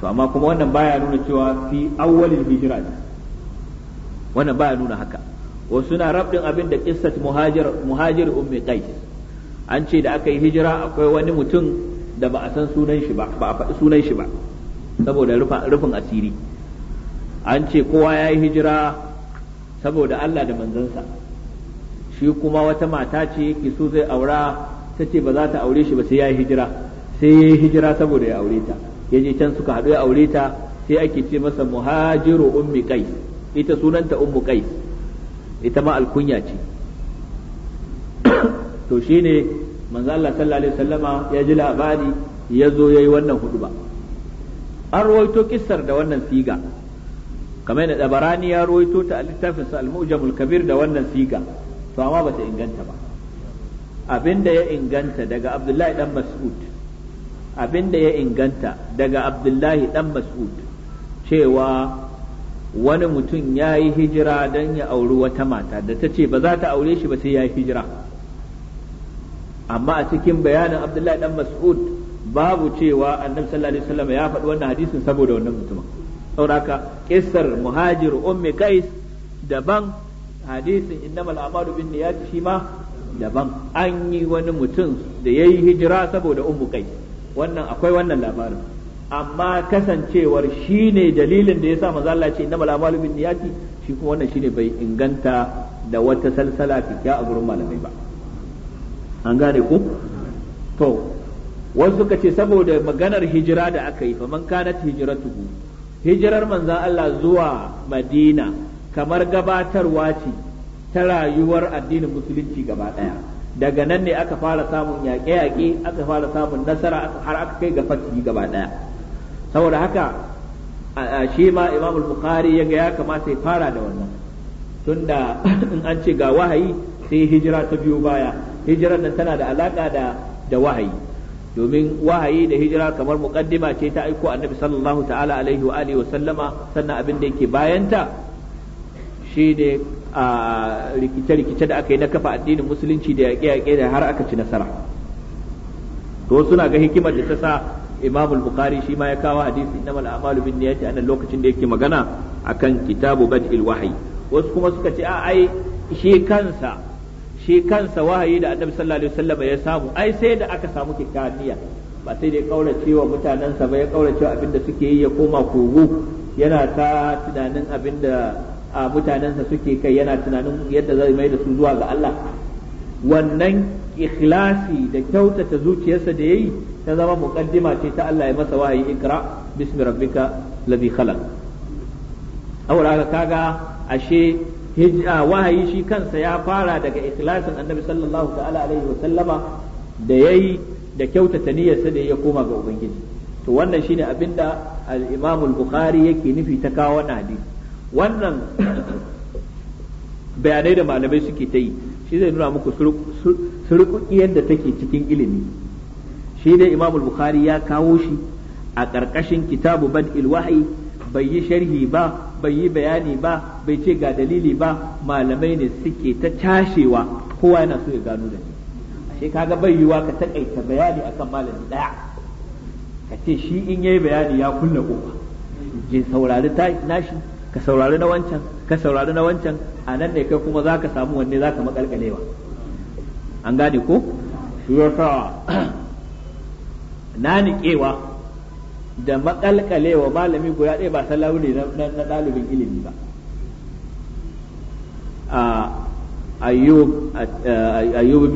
to amma kuma wannan baya nuna cewa fi awwalil hijrat wannan ba nuna haka wasu na rabdin abin da qissat muhajir muhajir ummi qais an ce da aka yi hijira akwai wani mutum da ba a san sunan shi ba ba a faɗi sunan shi ba saboda rufin asiri an ce kowa ya yi hijira saboda Allah da manzansa shi kuma wata mata ce yake so zai aura ta ce ba za ta aure shi ba sai ya yi hijira sai ya yi hijira saboda ya aure ta ya je can suka haɗu ya aure ta sai ake ce masa muhajiru ummi qais ita sunanta ummu qais ita ma alkunya ce to shine manzo Allah sallallahu alaihi wasallama ya ji labari ya zo yayi wannan huduba an rawaito kissar da wannan siga kamar da dabarani ya rawaito ta a littafin sa al-mujamul kabir da wannan siga to amma bata inganta ba abinda ya inganta daga Abdullahi dan Mas'ud abinda ya inganta daga Abdullahi dan Mas'ud cewa wani mutum ya yi hijira don ya auri wata mata da ta ce ba za ta aure shi ba sai ya yi hijira amma a cikin bayanin abdullahi dan mas'ud babu cewa annabi sallallahu alaihi wasallam ya faɗi wannan hadisin saboda wannan mutumin haka kissar muhajir ummi kais daban hadisin innamal a'malu bin niyyati shi ma daban an yi wani mutum da yayi hijira saboda ummu kais wannan akwai wannan labarin amma kasancewar shine dalilin da ya yasa maza Allah ce innamal a'malu binniyati shi kuma wannan shine bai inganta da wata salsala fiya a gurin malamai ba an gane ku to wasu suka ce saboda maganar hijira da aka yi faman kanat hijratuhu hijirar manzan Allah zuwa Madina kamar gabatarwa ce ta rayuwar addinin musulunci gaba daya daga nan ne aka fara samun yaƙe-yaƙe aka fara samun nasara har aka kai ga fatihi gaba daya saboda haka shi ma imam bukhari ya ga ya kamata ya fara da wannan tunda in an ce ga wahayi sai hijira ta biyo baya hijirar nan tana da alaka da da wahayi domin wahayi da hijira kamar muqaddima ce ta aiko annabi sallallahu ta'ala alaihi wa alihi wa sallama sannan abin da yake bayanta ne a rikice-rikice da aka yi na kafa addinin musulunci da yaƙe-yaƙe da har aka ci nasara to suna ga hikimar da ta sa Imamul al shima ya kawo hadisi innamal a'malu binniyati anan lokacin da yake magana akan kitabu bad'il wahyi wasu kuma suka ce a ai shi kansa wahayi da annabi sallallahu alaihi ya samu ai sai da aka samu kikaniya ba sai da ya kaurace wa mutanensa ba ya kaurace wa abinda suke yi ya koma kogo yana ta tunanin abinda a mutanensa suke kai yana tunanin yadda zai mai da su zuwa ga Allah wannan ikhlasi da kyautata zuciyarsa da yayi ta zama muqaddima ce ta Allah ya masa wahayi ikra bismi rabbika ladhi khalaq da kaga ashe wahayi shi kansa ya fara daga ikhlasin annabi sallallahu ta'ala alaihi wa sallama da yayi da kyautata niyyarsa da ya koma ga ubangiji to wannan shine abinda al-Imam al-Bukhari yake nufi ta kawo wannan hadisi wannan bayanai da malamai suke ta yi shi zai nuna muku surukuki da take cikin ilimi shi dai imam bukhari ya kawo shi a ƙarƙashin kitabu bad'il wahyi bai yi sharhi ba bai yi bayani ba bai ce ga dalili ba malamai ne suke ta cashewa kowa yana so ya gano da ni ashe kaga bai yiwa ka takaita bayani akan malami daya ka ce shi in yayi bayani ya kulle kofa je saurari ta nashi ka saurari na wancan ka saurari na wancan a nan ne kai kuma zaka samu wanne zaka makalkalewa an gane ko shi na niƙewa da makalkalewa malami guda ɗaya ba salawu ne na ɗalibin ilimi ba a ayyub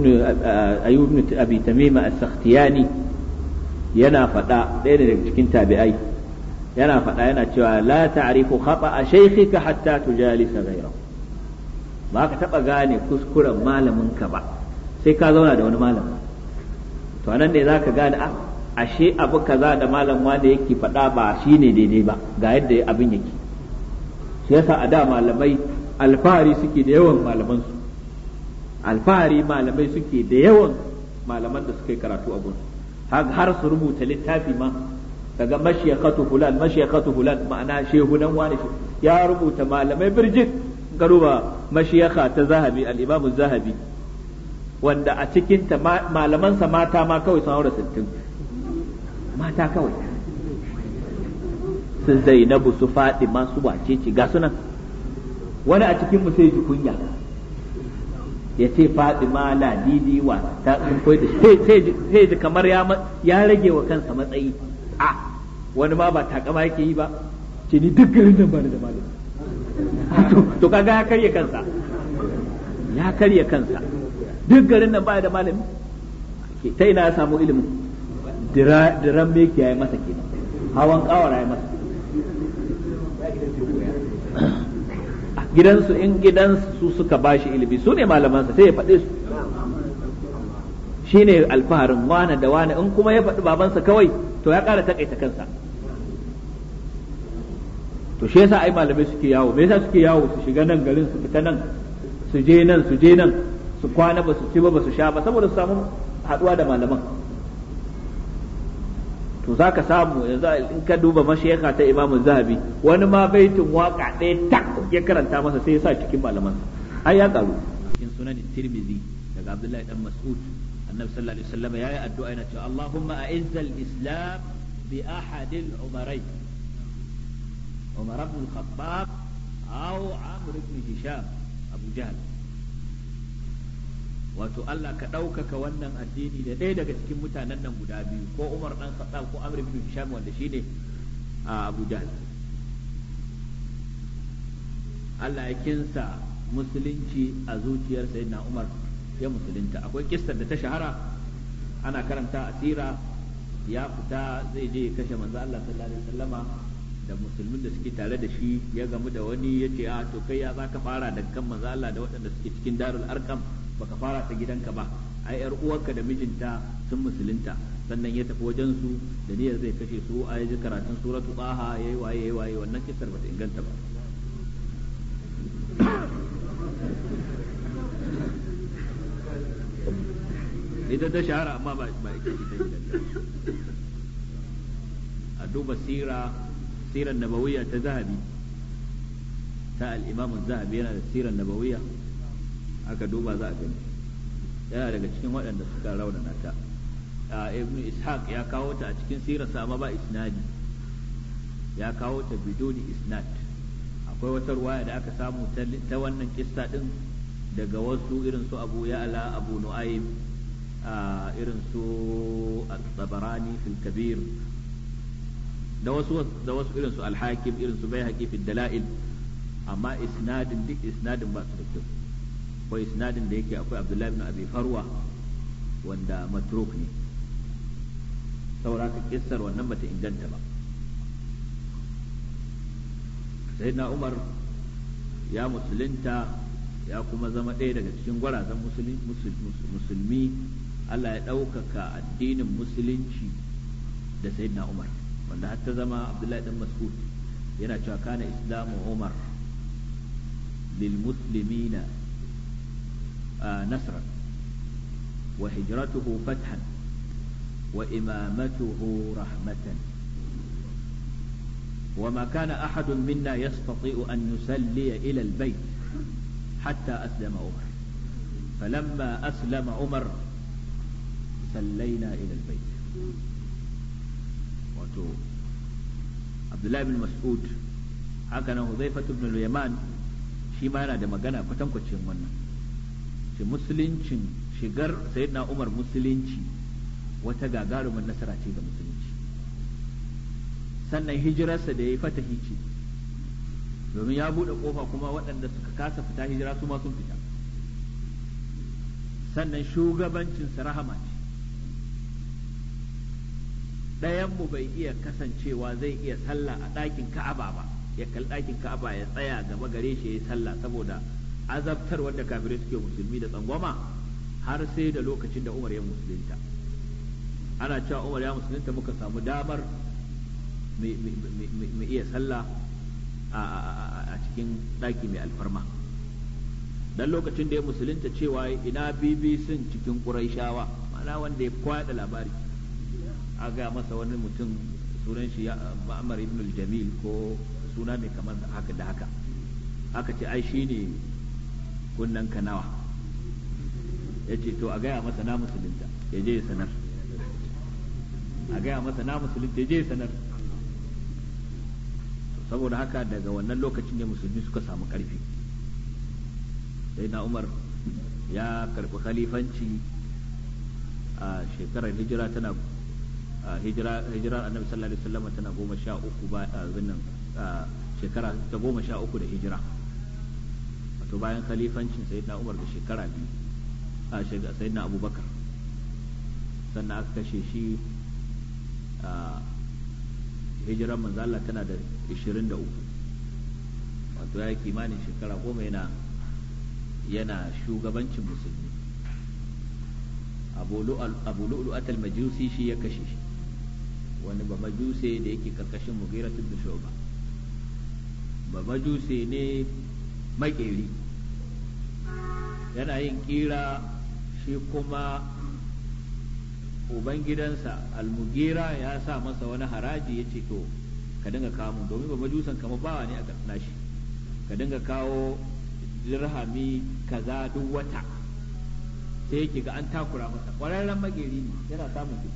ibn abi tamima أبي sakhtiyani yana faɗa ɗaya دين daga cikin tabi'ai yana faɗa yana cewa la ta'rifu a shaykhika hatta tujalisa ghayrahu ba ka taba gane kuskuren malamin ka ba sai ka zauna da wani malami to anan ne zaka gane ah ashe abu kaza da malam wanda yake faɗa ba shine daidai ba ga yadda abin yake shi yasa a da malamai alfahari suke da yawan malamansu alfahari malamai suke da yawan malaman da suka yi karatu a gun har su rubuta littafi ma daga mashiyakatu fulan mashiyakatu fulan ma'ana shehunan wani ya rubuta malamai birjit ba mashiyaka ta zahabi al-imamu zahabi wanda a cikinta malamansa mata ma kawai sun hau da sittin mata kawai su zainabu su faɗi masu wace ce ga sunan wani a cikin sai ji kunya ya ce na ladidi wa ta koyi da sai ji kamar ya rage wa kansa matsayi a wani ma ba takama yake yi ba ce ni duk garin nan ba da malami to kaga ya karya kansa ya karya kansa duk garin nan ba da malami ta ina ya samu ilimin diran meki ya yi masa kenan hawan kawara ya masa gidansu in gidansu suka ba shi ilimi su ne malamansa sai ya faɗe su shine alfaharin wane da wane in kuma ya faɗi babansa kawai to ya ƙara takaita kansa to shi yasa ai malamai suke yawo me yasa suke yawo su shiga nan garin su fita nan su je nan su je nan su kwana ba su ci ba ba su sha ba saboda su samu haɗuwa da malaman to za ka samu yanzu in ka duba mashayaka ta imamu zahabi wani ma baitin waka ɗaya tak ya karanta masa sai ya sa cikin malamansa ai ya karu cikin sunanin tirmizi daga abdullahi dan mas'ud annabi sallallahu alaihi wasallam yayi addu'a yana cewa allahumma a'izzal islam bi ahadil umarayn umar ibn khattab aw amr ibn hisham abu jahl wato Allah ka ɗaukaka wannan addini da ɗaya daga cikin mutanen nan guda biyu ko Umar dan Khattab ko Amr ibn Hisham wanda shine a Abu Jahl Allah ya kinsa musulunci a zuciyar sayyidina Umar ya musulunta akwai kissar da ta shahara ana karanta asira ya fita zai je kashe manzo Allah sallallahu alaihi wasallama da musulmin da suke tare da shi ya gamu da wani ya ce a to kai ya zaka fara da kan manzo Allah da waɗanda suke cikin darul arqam baka fara ta gidanka ba ai yar uwarka da mijinta sun musulunta sannan ya tafi wajen su da niyyar zai kashe su a yaji karatun suratu qaha yayi waye yayi waye wannan kisar bata inganta ba ita ta shahara amma ba ba ita a duba sira siran nabawiyya ta zahabi ta al zahabi yana da siran nabawiyya aka duba za a gani yana daga cikin waɗanda suka raunana ta a ibn ishaq ya kawo ta a cikin sirarsa amma ba isnadi ya kawo ta bidoni isnad akwai wata ruwaya da aka samu ta wannan kista din daga wasu irin su abu ya'ala abu nu'aym irin su at-tabarani fil kabir da wasu da wasu irin su al-hakim irin su bai fi dala'il amma isnadin duk isnadin ba su da kyau akwai isnadin da yake akwai abdullahi ibn abi farwa wanda matruk ne saboda kissar wannan bata inganta ba sayyidina umar ya musulunta ya kuma zama ɗaya daga cikin gwarazan musulmi Allah ya ɗaukaka addinin musulunci da sayyidina umar wanda har ta zama abdullahi dan mas'ud yana cewa kana islamu umar lil نصرا وهجرته فتحا وإمامته رحمة وما كان أحد منا يستطيع أن يسلي إلى البيت حتى أسلم عمر فلما أسلم عمر سلينا إلى البيت وتو عبد الله بن مسعود nan huzaifatu بن اليمان shi ma yana da magana shi musuluncin shigar sayyidina Umar musulunci wata gagarumin nasara ce ga musulunci sannan hijirarsa da ya yi fatahi ce domin ya buɗe ƙofa kuma waɗanda suka kasa fita hijira su ma sun fita sannan shugabancinsa rahama ce ɗayanmu bai iya kasancewa zai iya sallah a ɗakin ka'aba ba ya kalli ɗakin ka'aba ya tsaya gaba gare shi ya yi sallah saboda azabtar wanda kafirai suke musulmi da tsangwama har sai da lokacin da Umar ya musulunta ana cewa Umar ya musulunta muka samu damar mu iya sallah a cikin ɗaki mai alfarma dan lokacin da ya musulunta cewa ina bibi sun cikin ƙuraishawa ma'ana wanda ya kwaɗa labari a ga masa wani mutum sunan shi ma'amar ibn jamil ko suna mai kamar haka da haka aka ce ai shine kunnen ka nawa ya ce to a gaya masa na musulunta ya je ya sanar a gaya masa na musulunta ya je ya sanar saboda haka daga wannan lokacin ne musulmi suka samu karfi sai na umar ya karbi khalifanci a shekarar hijira tana hijira annabi sallallahu alaihi wasallam tana goma sha uku ba a nan shekara ta goma sha uku da hijira to bayan khalifancin sayyidina Umar da shekara biyu a sayyidina Abubakar sannan aka kashe shi a hijiran manzo tana da 23 wato ya kimanin shekara goma yana yana shugabancin musulmi abu lu'lu atal majusi shi ya kashe shi wani ba majuse da yake karkashin da shuba ba majuse ne makeri yana yin kira shi kuma ubangidansa almugira ya sa masa wani haraji ya ce to ka dinga kawo mun domin ba majusan kama bawa ne a ƙasna shi ka dinga kawo dirhami kaza duk wata sai yake ga an takura masa ƙwararren magiri ne yana samun kuɗi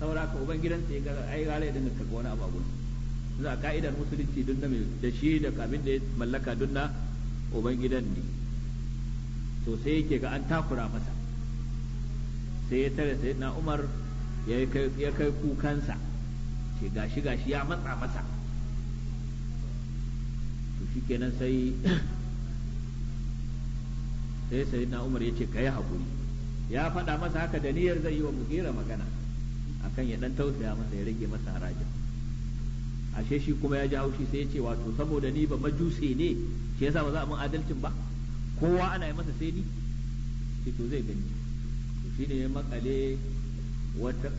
saboda haka ubangidansa ya ga ai gara ya dinga karɓa wani abu za a ka'idar musulunci duk mai da shi da kamin da ya mallaka duk na ubangidan ne to sai yake ga an takura masa sai ya tare sai na umar ya kai kukansa ce gashi gashi ya matsa masa to kenan sai sai sai na umar ya ce ka yi haƙuri ya faɗa masa haka da niyyar zai yi wa mugira magana akan ya dan tausaya masa ya rage masa harajin ashe shi kuma ya ji haushi sai ya ce wato saboda ni ba majusi ne shi yasa ba za a mun adalcin ba kowa ana yi masa sai ni to zai gani to shine ya makale wata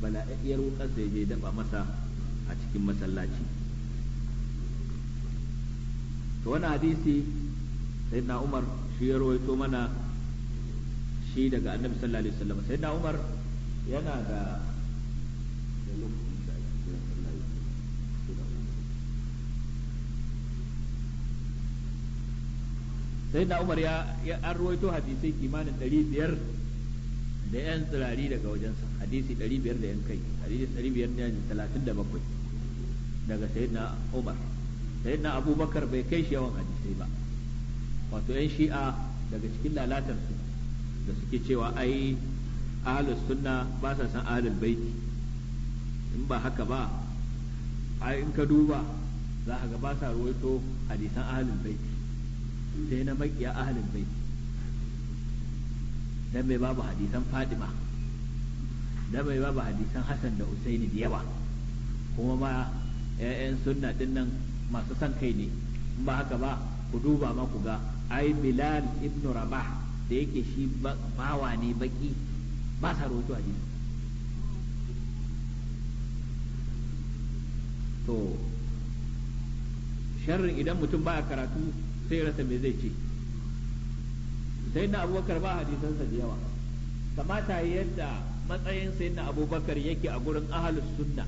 bala'ayyar wukar da zai daba masa a cikin masallaci to wani hadisi sai na umar shi ya rawaito mana shi daga annabi sallallahu alaihi wasallam sai na umar yana da sai da umar ya an ruwaito hadisai kimanin 500 biyar da yan tsirari daga wajensa hadisi 500 biyar da yan kai hadisi 500 biyar da talatin da bakwai daga sayyidina umar sayyidina abubakar bai kai shi yawan hadisai ba wato yan shi'a daga cikin lalatar su da suke cewa ai ahalus sunna ba sa san ahlul baiti in ba haka ba ai in ka duba za ka ga ba sa ruwaito hadisan ahlul baiti sai na makiya ahalin bai dan bai babu hadisan fadima dan bai babu hadisan hasan da husaini da yawa kuma ma 'ya'yan sunna din nan masu san kai ne in ba haka ba ku duba ma ku ga ai bilal ibn rabah da yake shi bawa ne baki ba sa rawaito hadisi to sharrin idan mutum baya karatu sai rasa me zai ce sai na abubakar ba hadisansa da yawa kamata yadda matsayin sai na abubakar yake a gurin ahalus sunna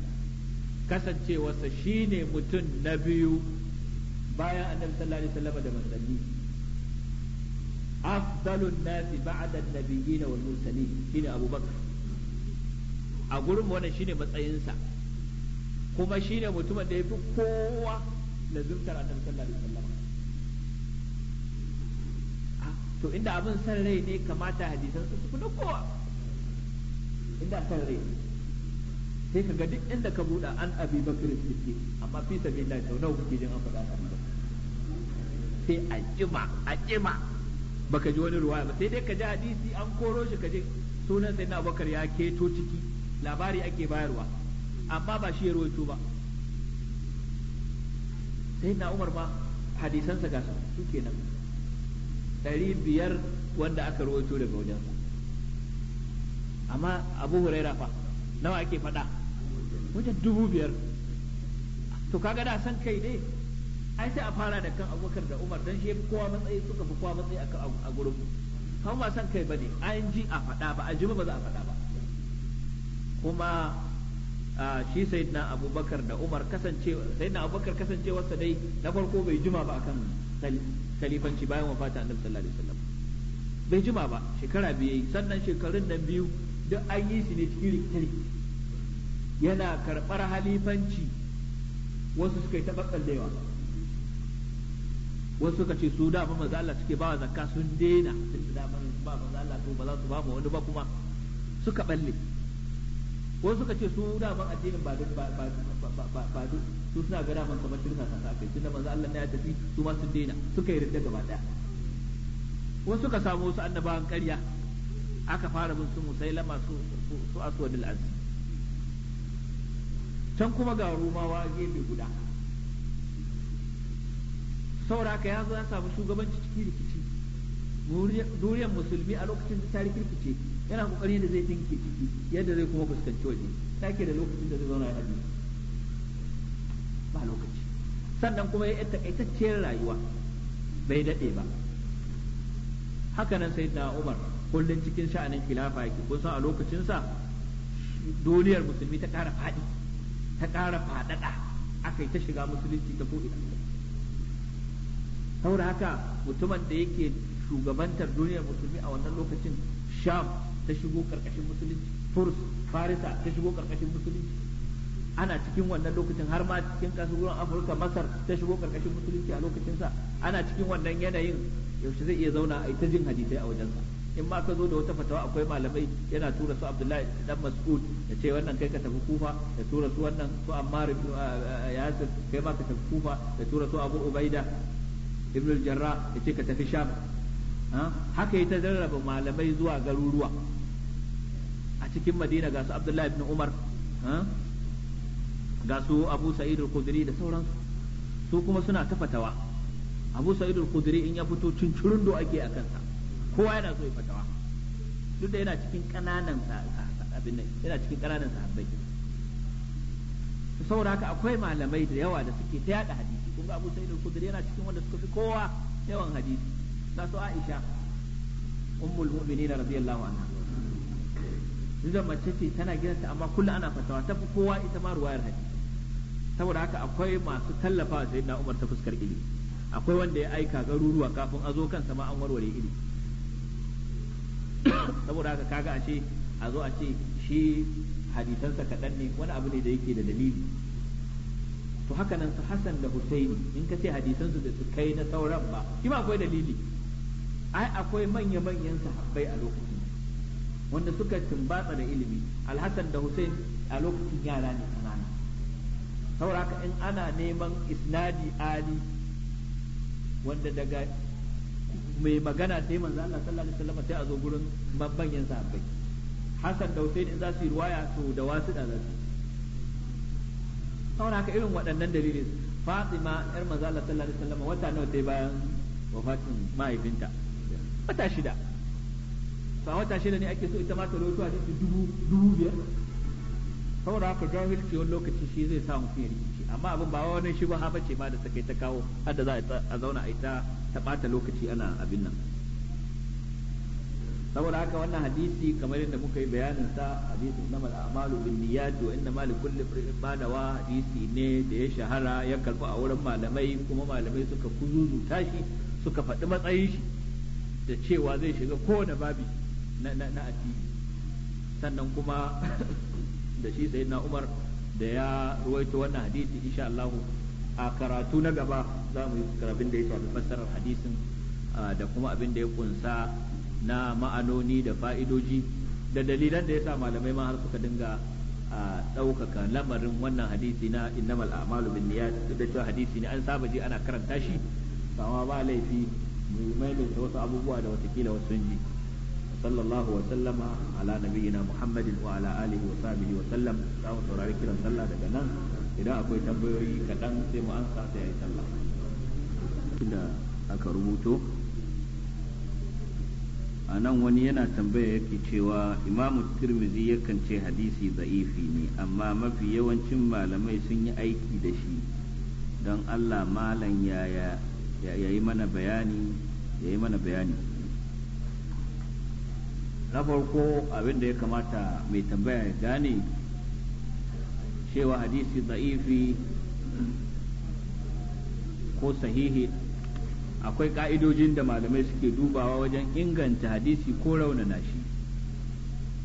kasancewarsa shine mutum na biyu bayan annabi sallallahu alaihi wasallam da manzanni afdalun nasi ba'da an-nabiyyin wal mursalin shine abubakar a gurin wannan shine matsayinsa kuma shine mutumin da yafi kowa lazimtar annabi sallallahu alaihi wasallam to inda abin san rai ne kamata hadisan su tafi na kowa inda san rai sai ka ga duk inda ka buɗa an abi bakar siddiq amma fi sabilillah sau nawa kuke jin an faɗa abi bakar sai a jima a jima baka ji wani ruwaya ba sai dai ka ji hadisi an koro shi ka ji sunan sai na abubakar ya keto ciki labari ake bayarwa amma ba shi ya rawaito ba sai na umar ma hadisansa ga su kenan 500 biyar wanda aka rawaito daga wajensa amma abu huraira fa nawa ake faɗa wajen dubu biyar to kaga da san kai ne ai sai a fara da kan abubakar da umar dan shi kowa matsayi suka fi kowa matsayi a gurin mu kan ba san kai bane an ji a faɗa ba a ji ba za a faɗa ba kuma shi sayyidina abubakar da umar kasance sayyidina abubakar kasancewarsa dai na farko bai juma ba akan kalifanci bayan wafata annabi sallallahu alaihi wasallam bai jima ba shekara biyu sannan shekarun nan biyu duk an yi shi ne cikin rikiri yana karɓar halifanci wasu suka yi tabakkal da yawa wasu suka ce su dama maza Allah suke ba zakka sun daina su ci dama ba maza Allah to ba za su ba mu wani ba kuma suka balle wasu suka ce su dama addinin ba ba ba ba su suna ga daman kamar shirka ta kai tunda manzo Allah ya tafi su ma sun daina suka yi ridda gaba daya wasu suka samu wasu annabawan ƙarya aka fara bin su musailama su su aswadul az can kuma ga rumawa gefe guda saura ka ya ya samu shugabanci cikin rikici duniyar musulmi a lokacin da tarihi rikice yana kokarin da zai dinke ciki yadda zai kuma fuskanci waje take da lokacin da zai zauna ya ajiye ba lokaci sannan kuma ya takaitacciyar rayuwa bai dade ba hakanan sai da Umar kullun cikin sha'anin khilafa yake kun san a lokacin sa duniyar musulmi ta ƙara faɗi ta ƙara faɗaɗa aka yi ta shiga musulunci ta ko'ina saboda haka mutumin da yake shugabantar duniyar musulmi a wannan lokacin sham ta shigo ƙarƙashin musulunci furs farisa ta shigo ƙarƙashin musulunci ana cikin wannan lokacin har ma cikin kasuwar Afirka Masar ta shigo karkashin musulunci a lokacin sa ana cikin wannan yanayin yaushe zai iya zauna a ta jin hadisai a wajensa in ma ka zo da wata fatawa akwai malamai yana tura su Abdullahi dan Mas'ud ya ce wannan kai ka tafi Kufa ya tura su wannan su Ammar ibn eh, eh, Yasir kai ma ka tafi Kufa ya tura su Abu Ubaida ibn al-Jarrah ya ce ka tafi Sham haka yi ta rarraba malamai zuwa garuruwa a cikin Madina ga su Abdullahi ibn Umar ga su Abu Sa'id al-Khudri da sauransu su kuma suna tafatawa Abu Sa'id al-Khudri in ya fito cincirin do ake a kansa kowa yana so ya fatawa duk da yana cikin kananan abin nan yana cikin kananan sahabbai saboda haka akwai malamai da yawa da suke ta yada hadisi kun ga Abu Sa'id al-Khudri yana cikin wanda suka fi kowa yawan hadisi na su Aisha ummul mu'minin radiyallahu anha idan mace ce tana gidanta amma kullum ana fatawa ta fi kowa ita ma ruwayar hadisi saboda haka akwai masu tallafa a sayyidina Umar ta fuskar ili akwai wanda ya aika garuruwa kafin a zo kansa ma an warware ili saboda haka kaga a ce a zo a ce shi hadisansa kaɗan ne wani abu ne da yake da dalili to haka nan su Hassan da Husaini in ka ce hadisansu da su kai na sauran ba shi ba akwai dalili ai akwai manya-manyan sahabbai a lokacin wanda suka tumbatsa da ilimi alhassan da Husain a lokacin yara ne Sauraka in ana neman isnadi ali wanda daga mai magana sai manzo Allah sallallahu alaihi wasallam sai a zo gurin babban sahabbai Hassan da Hussein in za su yi riwaya to da wasu da zasu sauraka irin waɗannan dalilin Fatima yar manzo Allah sallallahu alaihi wasallam wata nawa sai bayan wafatin mahaifinta wata shida to a wata shida ne ake so ita ma ta rawaito cikin dubu dubu biyar saboda haka jahilci wani lokaci shi zai samu fiye rikici amma abin ba wani shi ba ce ma da ta kai ta kawo har za a zauna a ita ta bata lokaci ana abin nan saboda haka wannan hadisi kamar yadda muka yi bayanin sa hadisin na mal a'malu bin niyyat wa inna ma likulli imrin ma hadisi ne da ya shahara ya karbu a wurin malamai kuma malamai suka kuzuzu tashi suka faɗi matsayin shi da cewa zai shiga kowane babi na na addini sannan kuma da shi na Umar da ya ruwaito wannan hadisi insha Allah a karatu na gaba za mu yi karabin da ya shafi fassarar hadisin da kuma abin da ya kunsa na ma'anoni da fa'idoji da dalilan da ya sa malamai ma har suka dinga ɗaukaka lamarin wannan hadisi na innamal a'malu bin niyyat da cewa hadisi ne an saba ji ana karanta shi amma ba laifi mu maimaita wasu abubuwa da watakila wasu sun ji وصلى الله وسلم على نبينا محمد وعلى اله وصحبه وسلم سلام saurari kiran sallah daga nan idan akwai tambayoyi kaɗan sai mu ansa sai ayi sallah aka rubuto a nan wani yana tambaya yake cewa imamu tirmizi yakan ce hadisi za'ifi ne amma mafi yawancin malamai sun yi aiki da shi don allah malam yaya yayi mana bayani yayi mana bayani na farko abin da ya kamata mai tambaya ya gane cewa hadisi da'ifi ko sahihi akwai ka'idojin da malamai suke dubawa wajen inganta hadisi ko raunana shi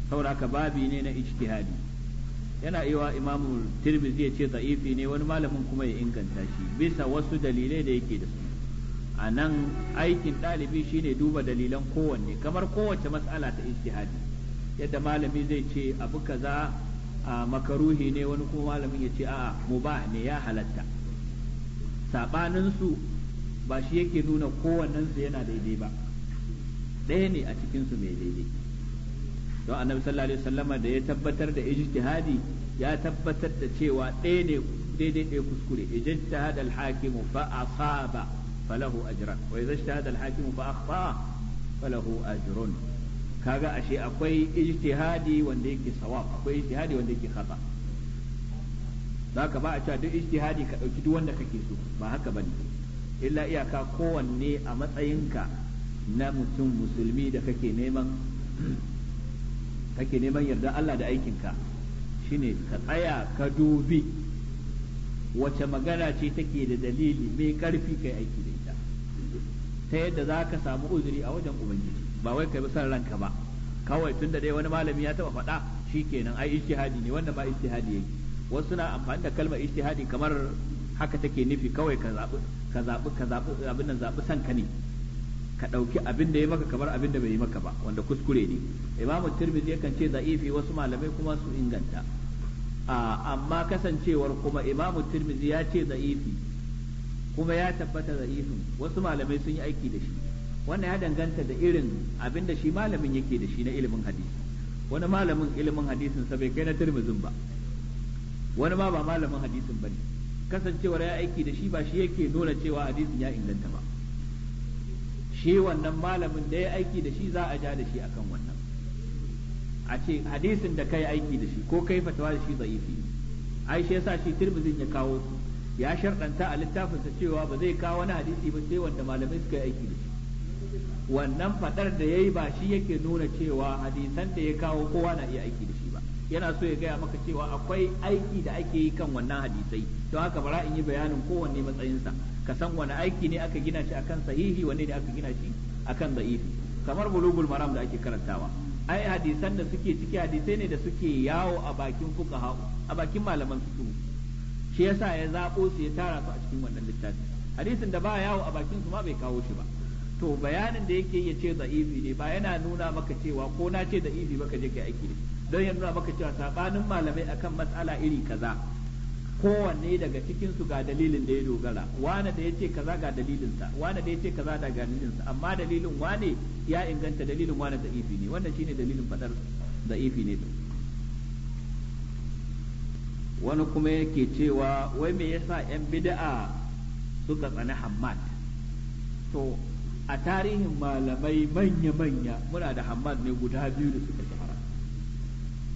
sauraka babi ne na ijtihadi yana iya imamu tirmidhi ya ce za'ifi ne wani malamin kuma ya inganta shi bisa wasu dalilai da yake da su a nan aikin ɗalibi shine duba dalilan kowanne kamar kowace matsala ta ijtihadi yadda malami zai ce abu kaza a makaruhi ne wani kuma malamin ya ce a'a ba ne ya halatta saɓaninsu ba shi yake nuna kowannensu yana daidai ba ɗaya ne a cikin mai daidai don annabi sallallahu alaihi wasallama da ya tabbatar da ijtihadi ya tabbatar da cewa ɗaya ne daidai ɗaya kuskure ijtihad al-hakim fa asaba falahu ajran wa idza ijtahada al-hakim fa akhta falahu ajrun kaga ashe akwai ijtihadi wanda yake sawab akwai ijtihadi wanda yake khata zaka ba a cewa duk ijtihadi ka ɗauki duk wanda kake so ba haka bane illa iyaka kowanne a matsayinka na mutum musulmi da kake neman kake neman yarda Allah da aikinka shine ka tsaya ka dubi wace magana ce take da dalili mai karfi kai aiki ta yadda za ka samu uzuri a wajen ubangiji ba wai kai san ranka ba kawai tun da dai wani malami ya taba faɗa shi kenan ai ijtihadi ne wanda ba ijtihadi yake wasu na amfani da kalmar ijtihadi kamar haka take nufi kawai ka zabi ka zabi ka zabi abin nan zabi san ka ne ka dauki abin da ya maka kamar abin da bai yi maka ba wanda kuskure ne imamu tirmidhi yakan ce za'ifi wasu malamai kuma su inganta ah, amma kasancewar kuma imamu tirmidhi ya ce za'ifi kuma ya tabbata da'ifin wasu malamai sun yi aiki da shi wannan ya danganta da irin abin da shi malamin yake da shi na ilimin hadisi wani malamin ilimin hadisin sa bai kai na turmizin ba wani ma ba malamin hadisin ba ne kasancewar ya aiki da shi ba shi yake nuna cewa hadisin ya inganta ba shi wannan malamin da ya aiki da shi za a ja da shi akan wannan a ce hadisin da kai aiki da shi ko kai fatawa da shi zaifi ai shi yasa shi turmizin ya kawo su ya sharɗanta a littafinsa cewa ba zai kawo wani hadisi ba sai wanda malamai suka yi aiki da shi wannan fadar da ya yi ba shi yake nuna cewa hadisan da ya kawo kowa na iya aiki da shi ba yana so ya gaya maka cewa akwai aiki da ake yi kan wannan hadisai don haka bara in yi bayanin kowanne matsayinsa ka san wani aiki ne aka gina shi akan sahihi wani ne aka gina shi akan da'ifi kamar bulugul maram da ake karantawa ai hadisan da suke ciki hadisai ne da suke yawo a bakin fuqaha a bakin malaman Su. shi yasa ya zabo su ya tara su a cikin wannan littafi hadisin da ba yawo a bakin su ma bai kawo shi ba to bayanin da yake ya ce za'ifi ne ba yana nuna maka cewa ko na ce za'ifi ba ka je kai aiki don ya nuna maka cewa sabanin malamai akan matsala iri kaza kowanne daga cikin su ga dalilin da ya dogara wane da ya ce kaza ga dalilin sa wane da ya ce kaza da sa amma dalilin wane ya inganta dalilin wane za'ifi ne wannan shine dalilin fadar za'ifi ne to wani kuma yake cewa wai me yasa 'yan bid'a suka tsani hammad to a tarihin malamai manya-manya muna da hammad ne guda biyu da suka shahara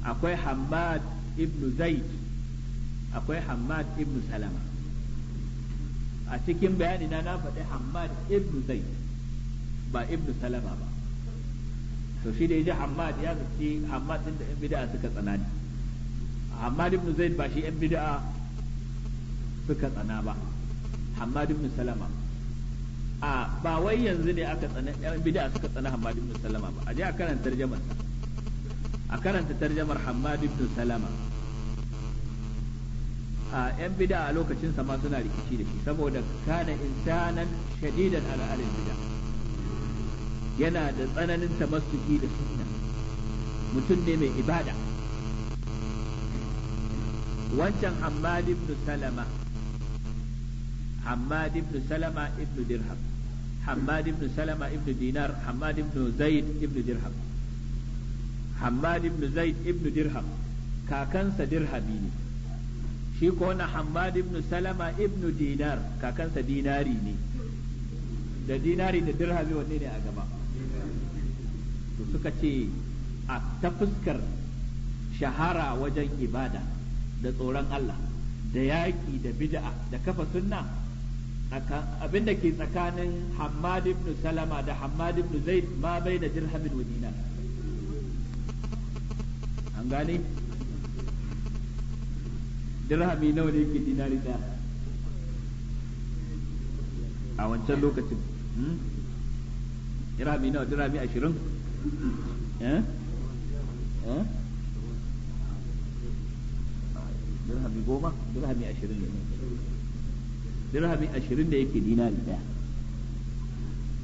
akwai hammad ibn zaid akwai hammad ibn salama a cikin bayani na na faɗi hammad ibn zaid ba ibn salama ba to shi da ya ji hammad ya zaci hammad din da bid'a suka tsanani Hammad ibn Zaid ba shi yan bid'a suka tsana ba Hammad ibn Salama a ba wai yanzu ne aka tsana yan bid'a suka tsana Hammad ibn Salama ba a je a karanta tarjamar a karanta tarjamar Hammad ibn Salama a yan bid'a a lokacin sa ma suna rikici da shi saboda kana insanan shadidan ala alil bid'a yana da tsananin tamassuki da sunna mutum ne mai ibada wancan Hammad ibn Salama Hammad ibn Salama ibn Dirham Hammad ibn Salama ibn Dinar Hammad ibn Zaid ibn Dirham Hammad ibn Zaid ibn Dirham kakansa dirhami ne shi ko na Hammad ibn Salama ibn Dinar kakansa dinari ne da dinari da dirhami wanne ne a gaba to suka ce a ta fuskar shahara wajen ibada da tsoron Allah da yaƙi da bid'a da kafa sunna abin da ke tsakanin Hammad ibn Salama da Hammad ibn Zaid ma bai da dirhamin wa dinar an gane dirhami nawa ne yake dinari da a wancan lokacin hmm? dirhami nawa dirhami ashirin eh eh dirhami goma dirhami ashirin ne dirhami ashirin da yake dinari daya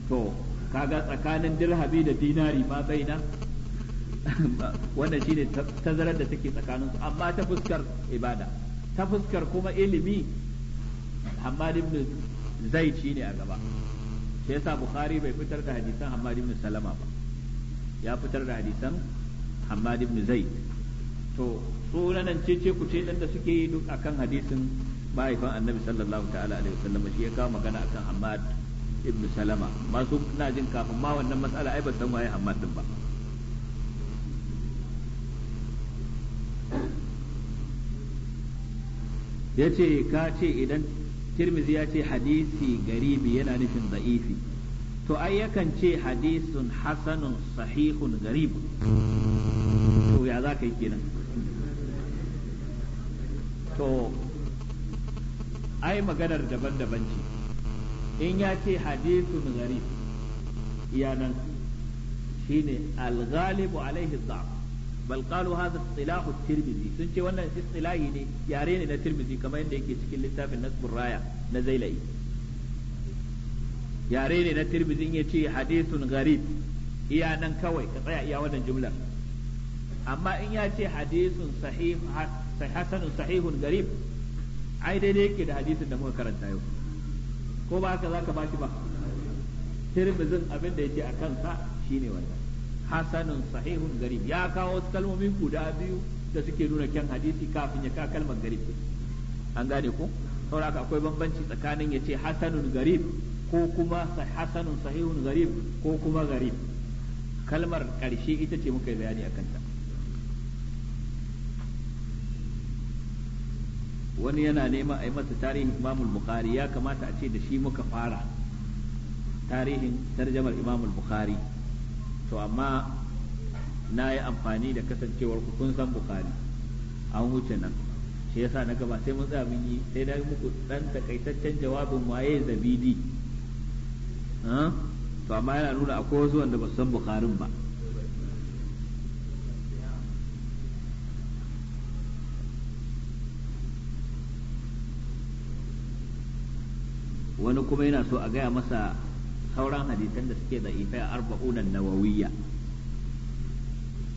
to kaga tsakanin dirhami da dinari ma baina na wannan shine tazarar da take tsakanin su amma ta fuskar ibada ta fuskar kuma ilimi Hamad ibn Zaid ne a gaba sai yasa Bukhari bai fitar da hadisan Hamad ibn Salama ba ya fitar da hadisan Hamad ibn zai to su nan cece ku ce dan da suke yi duk akan hadisin mahaifin annabi sallallahu ta'ala alaihi wasallam shi ya kawo magana akan Hamad ibn Salama masu na jin kafin ma wannan matsala ai ba san waye Hamad din ba yace ka ce idan Tirmidhi ya ce hadisi garibi yana nufin da'ifi to ai yakan ce hadisun hasanun sahihun garibu. to ya za ka yi kenan to ai maganar daban-daban ce in ya ce hadithun gharib iyanan shi al alghalibu alaihi dha'f bal qalu hadha istilahu tirmidhi sun ce wannan istilahi ne yare ne na tirmidhi kamar yadda yake cikin littafin nasbur raya na zailai yare ne na tirmidhi ya ce hadithun gharib iya nan kawai ka tsaya iya wannan jumlar amma in ya ce hadithun sahih hasanun sahihun garib ai daidai yake da hadisin da muka karanta yau ko ba haka zaka ba shi ba tirmidhin abin da yake a kansa shine wannan hasanun sahihun garib ya kawo kalmomin guda biyu da suke nuna kyan hadisi kafin ya ka kalmar garib an gane ko saboda akwai bambanci tsakanin yace hasanun garib ko kuma hasanun sahihun garib ko kuma garib kalmar karshe ita ce muka yi bayani a kanta wani yana nema a yi masa tarihin imamul bukhari ya kamata a ce da shi muka fara tarihin tarjamar imamul bukhari to amma na yi amfani da kasancewar ku kun san bukhari an wuce nan shi yasa na gaba sai mun mun yi sai na muku dan takaitaccen jawabin waye zabidi to amma yana nuna akwai wasu wanda ba su san bukharin ba wani kuma yana so a gaya masa sauran hadisan da suke da ifai arba'unan nawawiyya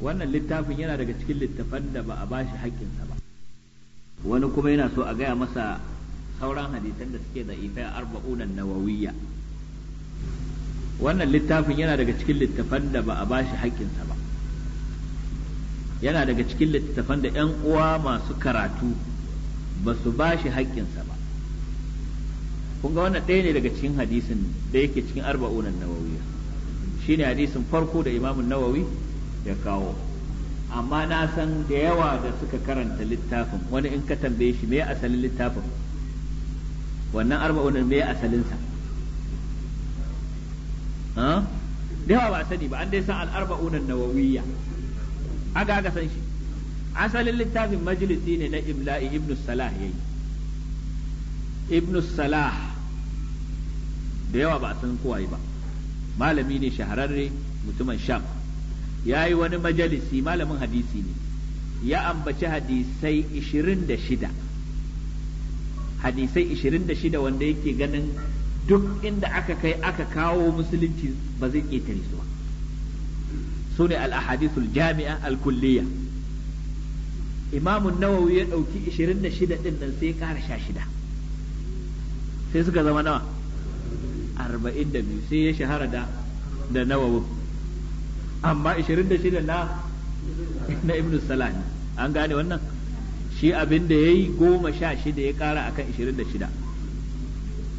wannan littafin yana daga cikin littafan da ba a bashi haƙƙinsa ba wani kuma yana so a gaya masa sauran hadisan da suke da ifai arba'unan nawawiyya wannan littafin yana daga cikin littafan da ba a bashi haƙƙinsa ba yana daga cikin littafan da 'yan uwa masu karatu ba su ba shi haƙƙinsa ba kun ga wannan ɗaya ne daga cikin hadisin da yake cikin arba'unan shi shine hadisin farko da imamun nawawi ya kawo amma na san da yawa da suka karanta littafin wani in ka tambaye shi me asalin littafin wannan arba'unan me asalinsa da yawa ba sani ba an dai san al'arba'unan nawawiya aga aga san shi asalin littafin majalisi ne na imla'i ibnu salah yayi ibnu salah da yawa ba a san kowaye ba malami ne shahararre mutumin sham ya yi wani majalisi malamin hadisi ne ya ambaci hadisai 26 hadisai 26 wanda yake ganin duk inda aka kai aka kawo musulunci ba zai ƙetare su ba su ne al jami'a al-kulliya imamun nawawi ya ɗauki 26 ɗin nan sai ya ƙara sha shida sai suka zama nawa arba'in da biyu sai ya shahara da da nawawin amma ishirin da shida na na ibnu salah an gane wannan shi abin da ya yi goma sha shida ya kara akan ishirin da shida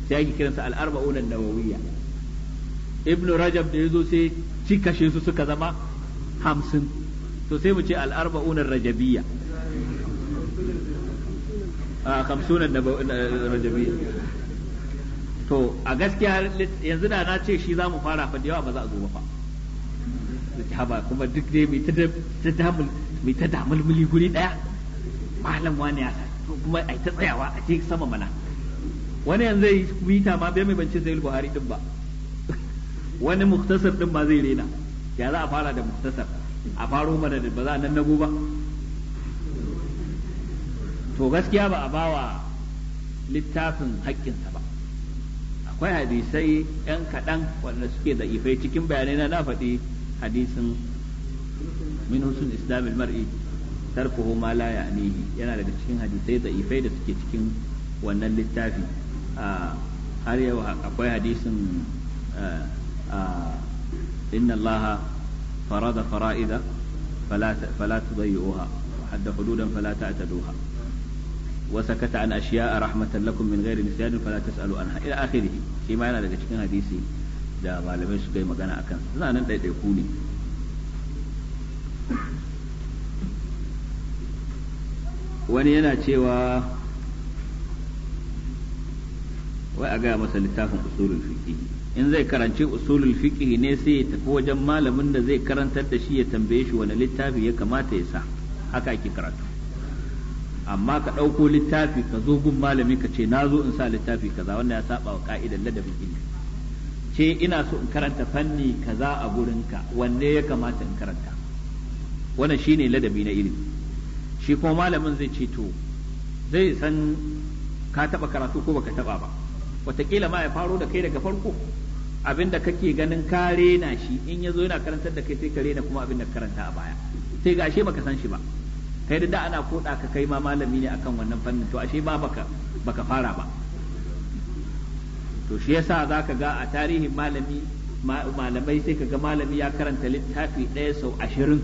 sai ake kiransa al'arba'unan nawawiyya ibnu rajab da ya zo sai cikashe su suka zama hamsin to sai mu ce al'arba'unan rajabiyya a ah, hamsunan rajabiya. to a gaskiya yanzu da na ce shi za mu fara fa da yawa ba za a zo ba fa haba kuma duk dai mai ta damul mai ta damulmuli guri daya malam wani ya kuma ai ta tsayawa a ce sama mana wani yanzu zai ta ma bai mai bance sai buhari din ba wani muktasar din ba zai rena ya za a fara da muktasar a faro mana da ba za a nan nago ba to gaskiya ba a bawa littafin haƙƙinsa akwai hadisai yan kaɗan wanda suke da ifai cikin bayanai na na faɗi hadisin min husun islamil mar'i tarkuhu ma la ya'nihi yana daga cikin hadisai da ifai da suke cikin wannan littafi har yau akwai hadisin inna allaha farada fara'ida fala fala tudayyuha wa hadda hududan fala wa sakata an a rahmatan lakum min ghairi nisyan fala tasalu anha ila akhirih shi ma yana daga cikin hadisi da malamai suka yi magana akan suna nan ɗaiɗaiku ne wani yana cewa wai a gaya masa littafin usulul in zai karanci usulul fiqh ne sai ya wajen malamin da zai karantar da shi ya tambaye shi wani littafi ya kamata ya sa haka ake karatu amma ka ɗauko littafi ka zo gun malami ka ce na zo in sa littafi kaza wannan ya saba wa ka'idar ladabin ilimi ce ina so in karanta fanni kaza a gurinka wanne ya kamata in karanta wannan shine ladabi na ilimi shi kuma malamin zai ce to zai san ka taba karatu ko baka taba ba wataƙila ma ya faro da kai daga farko abinda kake ganin ka rena shi in ya zo yana karantar da kai sai ka rena kuma abinda karanta a baya sai ga baka san shi ba kai da ana koda ka kai ma malami ne akan wannan fannin to ashe ba baka baka fara ba to shi yasa zaka ga a tarihin malami malamai sai ka ga malami ya karanta littafi ɗaya sau ashirin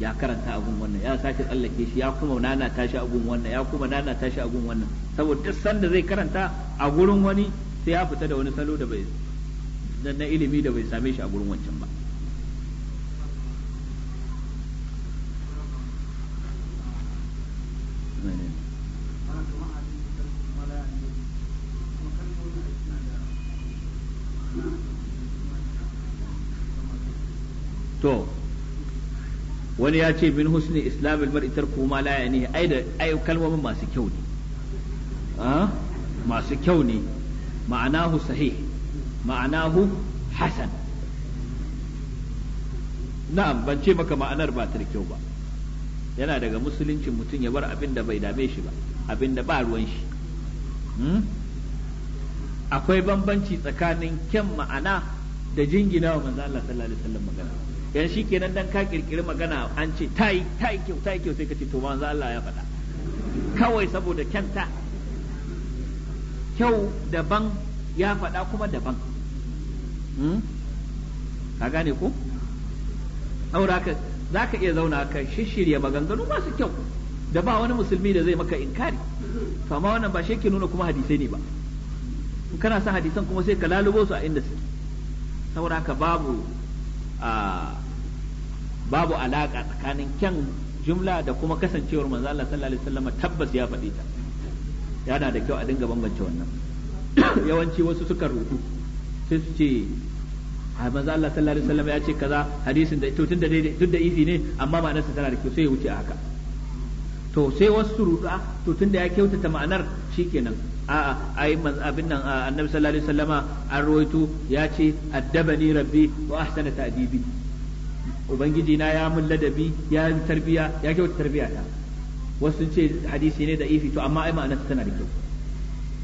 ya karanta abun wannan ya sake tsallake shi ya kuma nana tashi abun wannan ya kuma nana tashi abun wannan saboda duk sanda zai karanta a gurin wani sai ya fita da wani salo da bai na ilimi da bai same shi a gurin wancan ba to wani ya ce min husni islam almar'i tarku ma la ya'nihi ai da ai kalmomin masu kyau ne ah? masu kyau ne ma'anahu sahih ma'anahu hasan na'am ban ce maka ma'anar ba ta da kyau ba yana daga musuluncin mutum ya bar abin da bai dame shi ba abin da ba ruwan shi hmm? akwai bambanci tsakanin kyan ma'ana da jingina wa manzo Allah sallallahu alaihi wasallam magana yan shi kenan dan ka kirkiri magana an ce ta yi ta yi kyau ta yi kyau sai ka ce to manzo Allah ya faɗa kawai saboda kyanta kyau daban ya faɗa kuma daban hmm? ka gane ko aura ka za ka iya zauna ka shishirya maganganu masu kyau da ba wani musulmi da zai maka inkari to amma wannan ba shi nuna kuma hadisai ne ba kana son hadisan kuma sai ka lalubo su a inda suke saboda ka babu babu alaka tsakanin kyan jumla da kuma kasancewar manzo Allah sallallahu alaihi wasallam tabbas ya faɗi ta yana da kyau a dinga bambance wannan yawanci wasu suka rubu sai su ce a manzo Allah sallallahu alaihi wasallam ya ce kaza hadisin da to tunda daidai duk da isi ne amma ma'anar sa tana da kyau sai ya wuce a haka to sai wasu su ah, to tunda ya kyautata ma'anar shikenan a'a ai abin nan annabi sallallahu alaihi wasallama an rawaito ya ce addabani rabbi wa ahsana ta'dibi ubangiji na ya mun ladabi ya tarbiya ya kyauta tarbiya ta wasu ce hadisi ne da ifi to amma ai ma'anar tana da kyau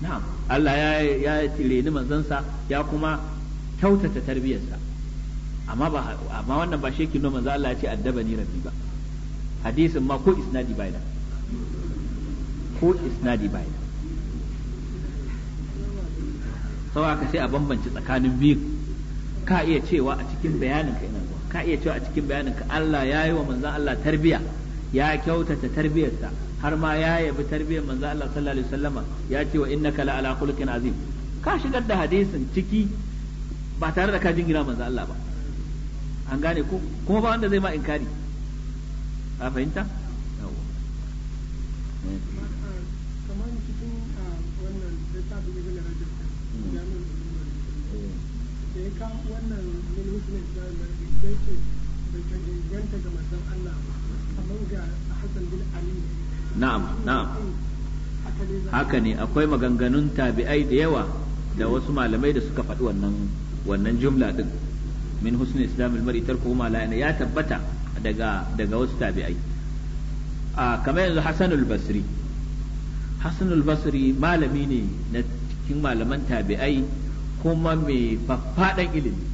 na'am Allah ya ya tireni sa ya kuma kyautata sa amma ba amma wannan ba shekin no manzo Allah ya ce addabani rabbi ba hadisin ma ko isnadi bai da ko isnadi bai da Sau ka sai a bambance tsakanin biyu ka iya cewa a cikin bayanin ka ina zuwa ka iya cewa a cikin bayanin ka Allah ya yi wa manzan Allah tarbiyya ya kyautata tarbiyarsa har ma ya yabi tarbiyyar manzan Allah sallallahu alaihi wasallama ya ce wa innaka la ala khuluqin azim ka shigar da hadisin ciki ba tare da ka jingina manzan Allah ba an gane ko kuma ba wanda zai ma inkari ka fahimta na'am na'am haka ne akwai maganganun tabi'ai da yawa da wasu malamai da suka faɗi wannan wannan jumla din min husni islamil mar'i tarku ma la ya tabbata daga daga wasu tabi'ai a kamar yanzu hasanul Basri hasanul Basri malami ne na cikin malaman tabi'ai kuma mai faffadan ilimi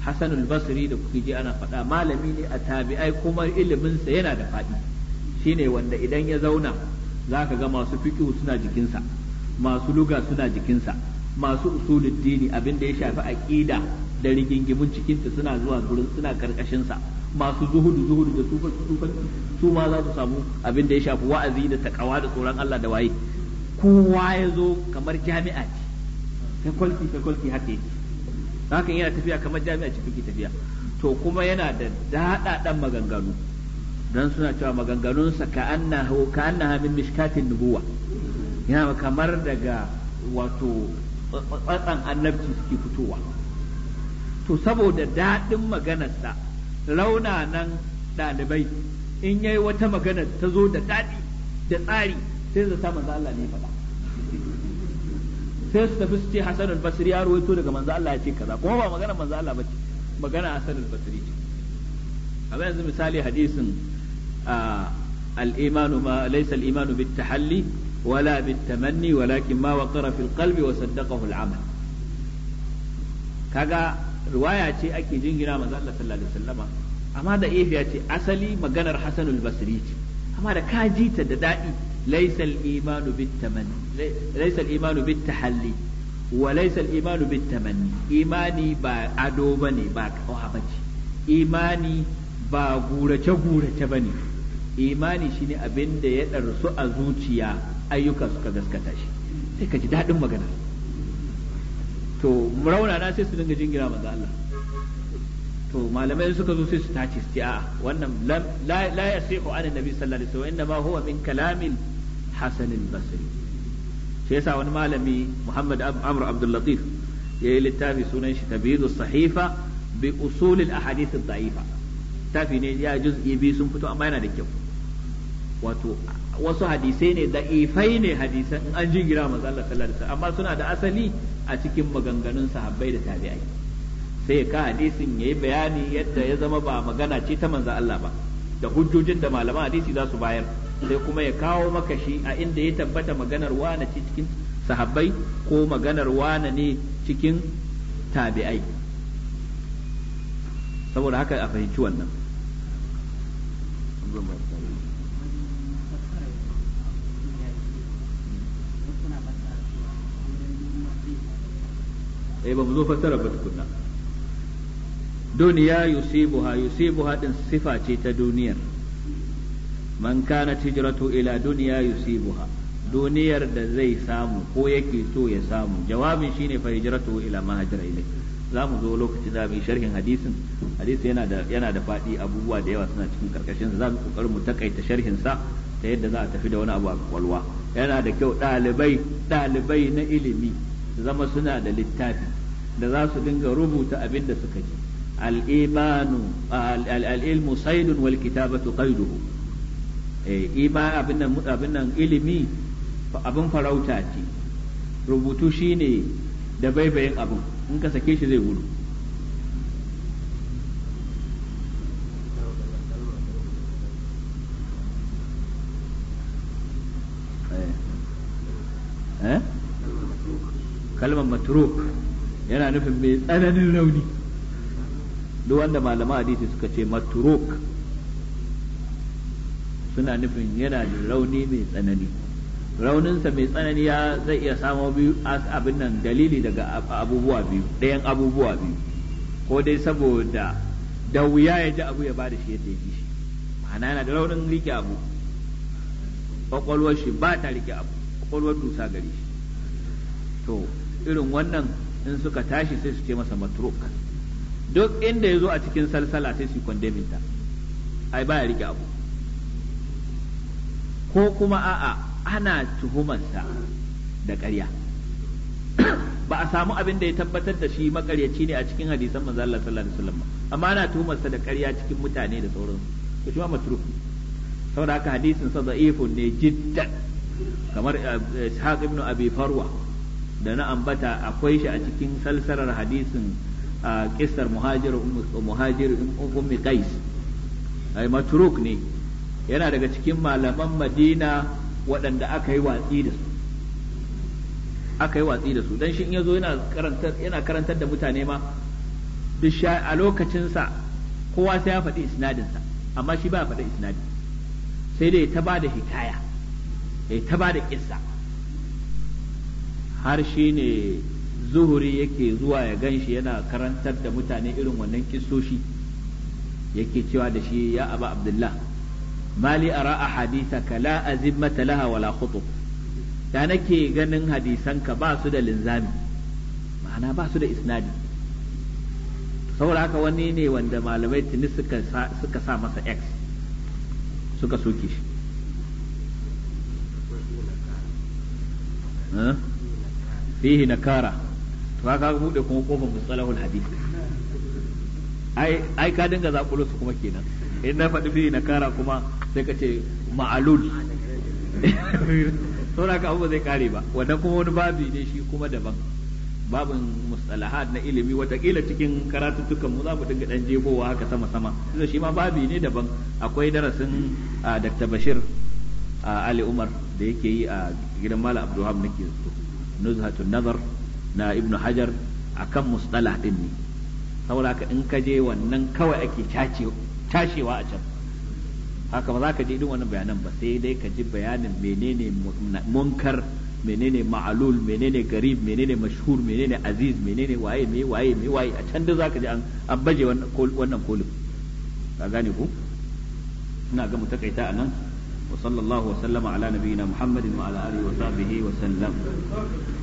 Hassan al-Basri da kuke ji ana faɗa malami ne a tabi'ai kuma iliminsa yana da faɗi shine wanda idan ya zauna zaka ga masu fiqh suna jikinsa masu luga suna jikinsa masu usulul dini abin da ya shafi aqida da rigingimin ta suna zuwa gurin suna karkashin sa masu zuhudu zuhudu da sufan sufan su ma za su samu abin da ya shafi wa'azi da takawa da tsoron Allah da waye kowa ya zo kamar jami'a ce kai kwalti haka yake hakan yana tafiya kamar jami'a ce tafiya to kuma yana da daɗaɗan maganganu dan suna cewa maganganunsa ka annaha min mishkatin nubuwa yana kamar daga wato tsatsan annabci suke fitowa to saboda daɗin maganarsa nan ɗalibai in yayi wata magana ta zo da dadi da tsari sai zata manzo Allah ne faɗa sai su tafi su ce Hassan al-Basri ya rawaito daga manzo Allah ya ce kaza kuma ba magana manzo Allah ba magana Hassan al-Basri ce kamar yanzu misali hadisin al-imanu ma laysa al-imanu bit-tahalli wala bit-tamanni walakin ma waqara fil qalbi wa saddaqahu al-amal kaga riwaya ce ake jingina manzo Allah sallallahu alaihi wasallama amma da ifiya ce asali maganar Hassan al-Basri ce amma da kajita da dadi laysa al-imanu bit-tamanni laysa imanu bit-tahalli wa laysa imanu bit-tamanni imani ba ado bane ba kawa bace imani ba gurace gurace bane imani shine abin da ya darsu a zuciya ayyuka suka gaskata shi sai magana to sai su dinga jingira to malamai suka zo sai su tace su a'a wannan la yasihu an annabi sallallahu alaihi wasallam inna huwa min kalamil hasan al-basri shi wani malami muhammad amr abdul latif yayi littafi sunan shi tabidu sahifa bi usul al-ahadith ad-da'ifa tafi ne ya juz'i bi sun fito amma yana da kyau wasu hadisai ne da'ifai ne hadisan in an jingira amma suna da asali a cikin maganganun sahabbai da tabi'ai sai ka hadisin yayi bayani yadda ya zama ba magana ce ta manza Allah ba da hujjojin da malaman hadisi za su bayar sai kuma ya kawo maka shi a inda ya tabbata maganar wane ce cikin sahabbai ko maganar wane ne cikin tabi'ai saboda haka a fahimci wannan eh ba mu zo fassara ba tukunna duniya yusibuha yusibuha din sifa ce ta duniyar man kanat hijratu ila dunya yusibuha duniyar da zai samu ko yake so ya samu jawabin shine fa hijratu ila ma hajara ilai za mu zo lokacin za mu yi sharhin hadisin hadisi yana da yana da fadi abubuwa da yawa suna cikin karkashin za mu kokarin mu takaita sharhin sa ta yadda za a tafi da wani abu a kwalwa yana da kyau dalibai dalibai na ilimi zama suna da littafi da za su dinga rubuta abin da suka ji al-imanu al-ilmu saydun wal kitabatu qayduhu Eh, ima abin nan ilimi abin farauta ce rubutu ne da baibayin abin in ka sake shi zai wuru eh. Eh? kalmar Maturok yana nufin mai tsananin rauni duk wanda malama hadisi suka ce Maturok. suna nufin yana da rauni mai tsanani rauninsa mai tsanani ya zai iya samo biyu abin nan dalili daga abubuwa biyu ɗayan abubuwa biyu ko dai saboda da wuya ya ji abu ya bada shi yadda ya ji shi ma'ana yana da raunin rike abu kwakwalwar shi ba ta rike abu kwakwalwar dusa gari shi to irin wannan in suka tashi sai su ce masa matruk duk inda ya zo a cikin salsala sai su kwandeminta ai ya rike abu ko kuma a'a ana tuhumarsa da ƙarya ba a samu abin da ya tabbatar da shi makaryaci ne a cikin hadisan manzo Allah sallallahu alaihi wasallam amma ana tuhumarsa da ƙarya cikin mutane da sauransu to shi ma matruk saboda haka hadisin sa da'ifun ne jiddan kamar eh, Ishaq ibn Abi Farwa da na ambata akwai shi a cikin salsarar hadisin a ah, kisar muhajir ummu qais ai matruk ne yana daga cikin malaman madina waɗanda aka yi watsi da su aka yi watsi da su dan shi in yazo yana karantar yana karantar da mutane ma duk a lokacinsa kowa sai ya faɗi isnadinsa amma shi ba ya faɗi isnadi sai dai ta bada hikaya ya ta bada kissa har shi ne zuhuri yake zuwa ya gan shi yana karantar da mutane irin wannan kissoshi yake cewa da shi ya abu abdullah mali ara a ahadithaka la azimmata laha wala khutub da nake ganin hadisanka ba su da linzami ma'ana ba su da isnadi saboda haka wani ne wanda malamai tuni suka sa masa x suka soke shi fihi kara, to haka buɗe kuma kofar mustalahul hadith ai ai ka dinga zakulo su kuma kenan in na faɗi biyu na kara kuma sai ka ce ma'alul sauran ka abubuwa zai kare ba wanda kuma wani babi ne shi kuma daban babin mustalahat na ilimi watakila cikin karatuttukan mu za mu dinga dan jebowa haka sama sama tunda shi ma babi ne daban akwai darasin ah, Dr. Bashir ah, Ali Umar da yake yi a gidan Malam Abdulham nake zuwa Nuzhatun Nazar na Ibn Hajar akan mustalah din ne saboda ka in ka je wannan kawai ake cacewa tashewa a can haka ba za ka ji irin wannan bayanan ba sai dai ka ji bayanin menene munkar menene ma'alul menene garib menene mashhur menene aziz menene waye me waye me waye a can da za ka ji an baje wannan kolin ka gane ku ina ga mu takaita a nan wa sallallahu wa sallama ala nabiyina muhammadin wa ala alihi wa sahbihi wa sallam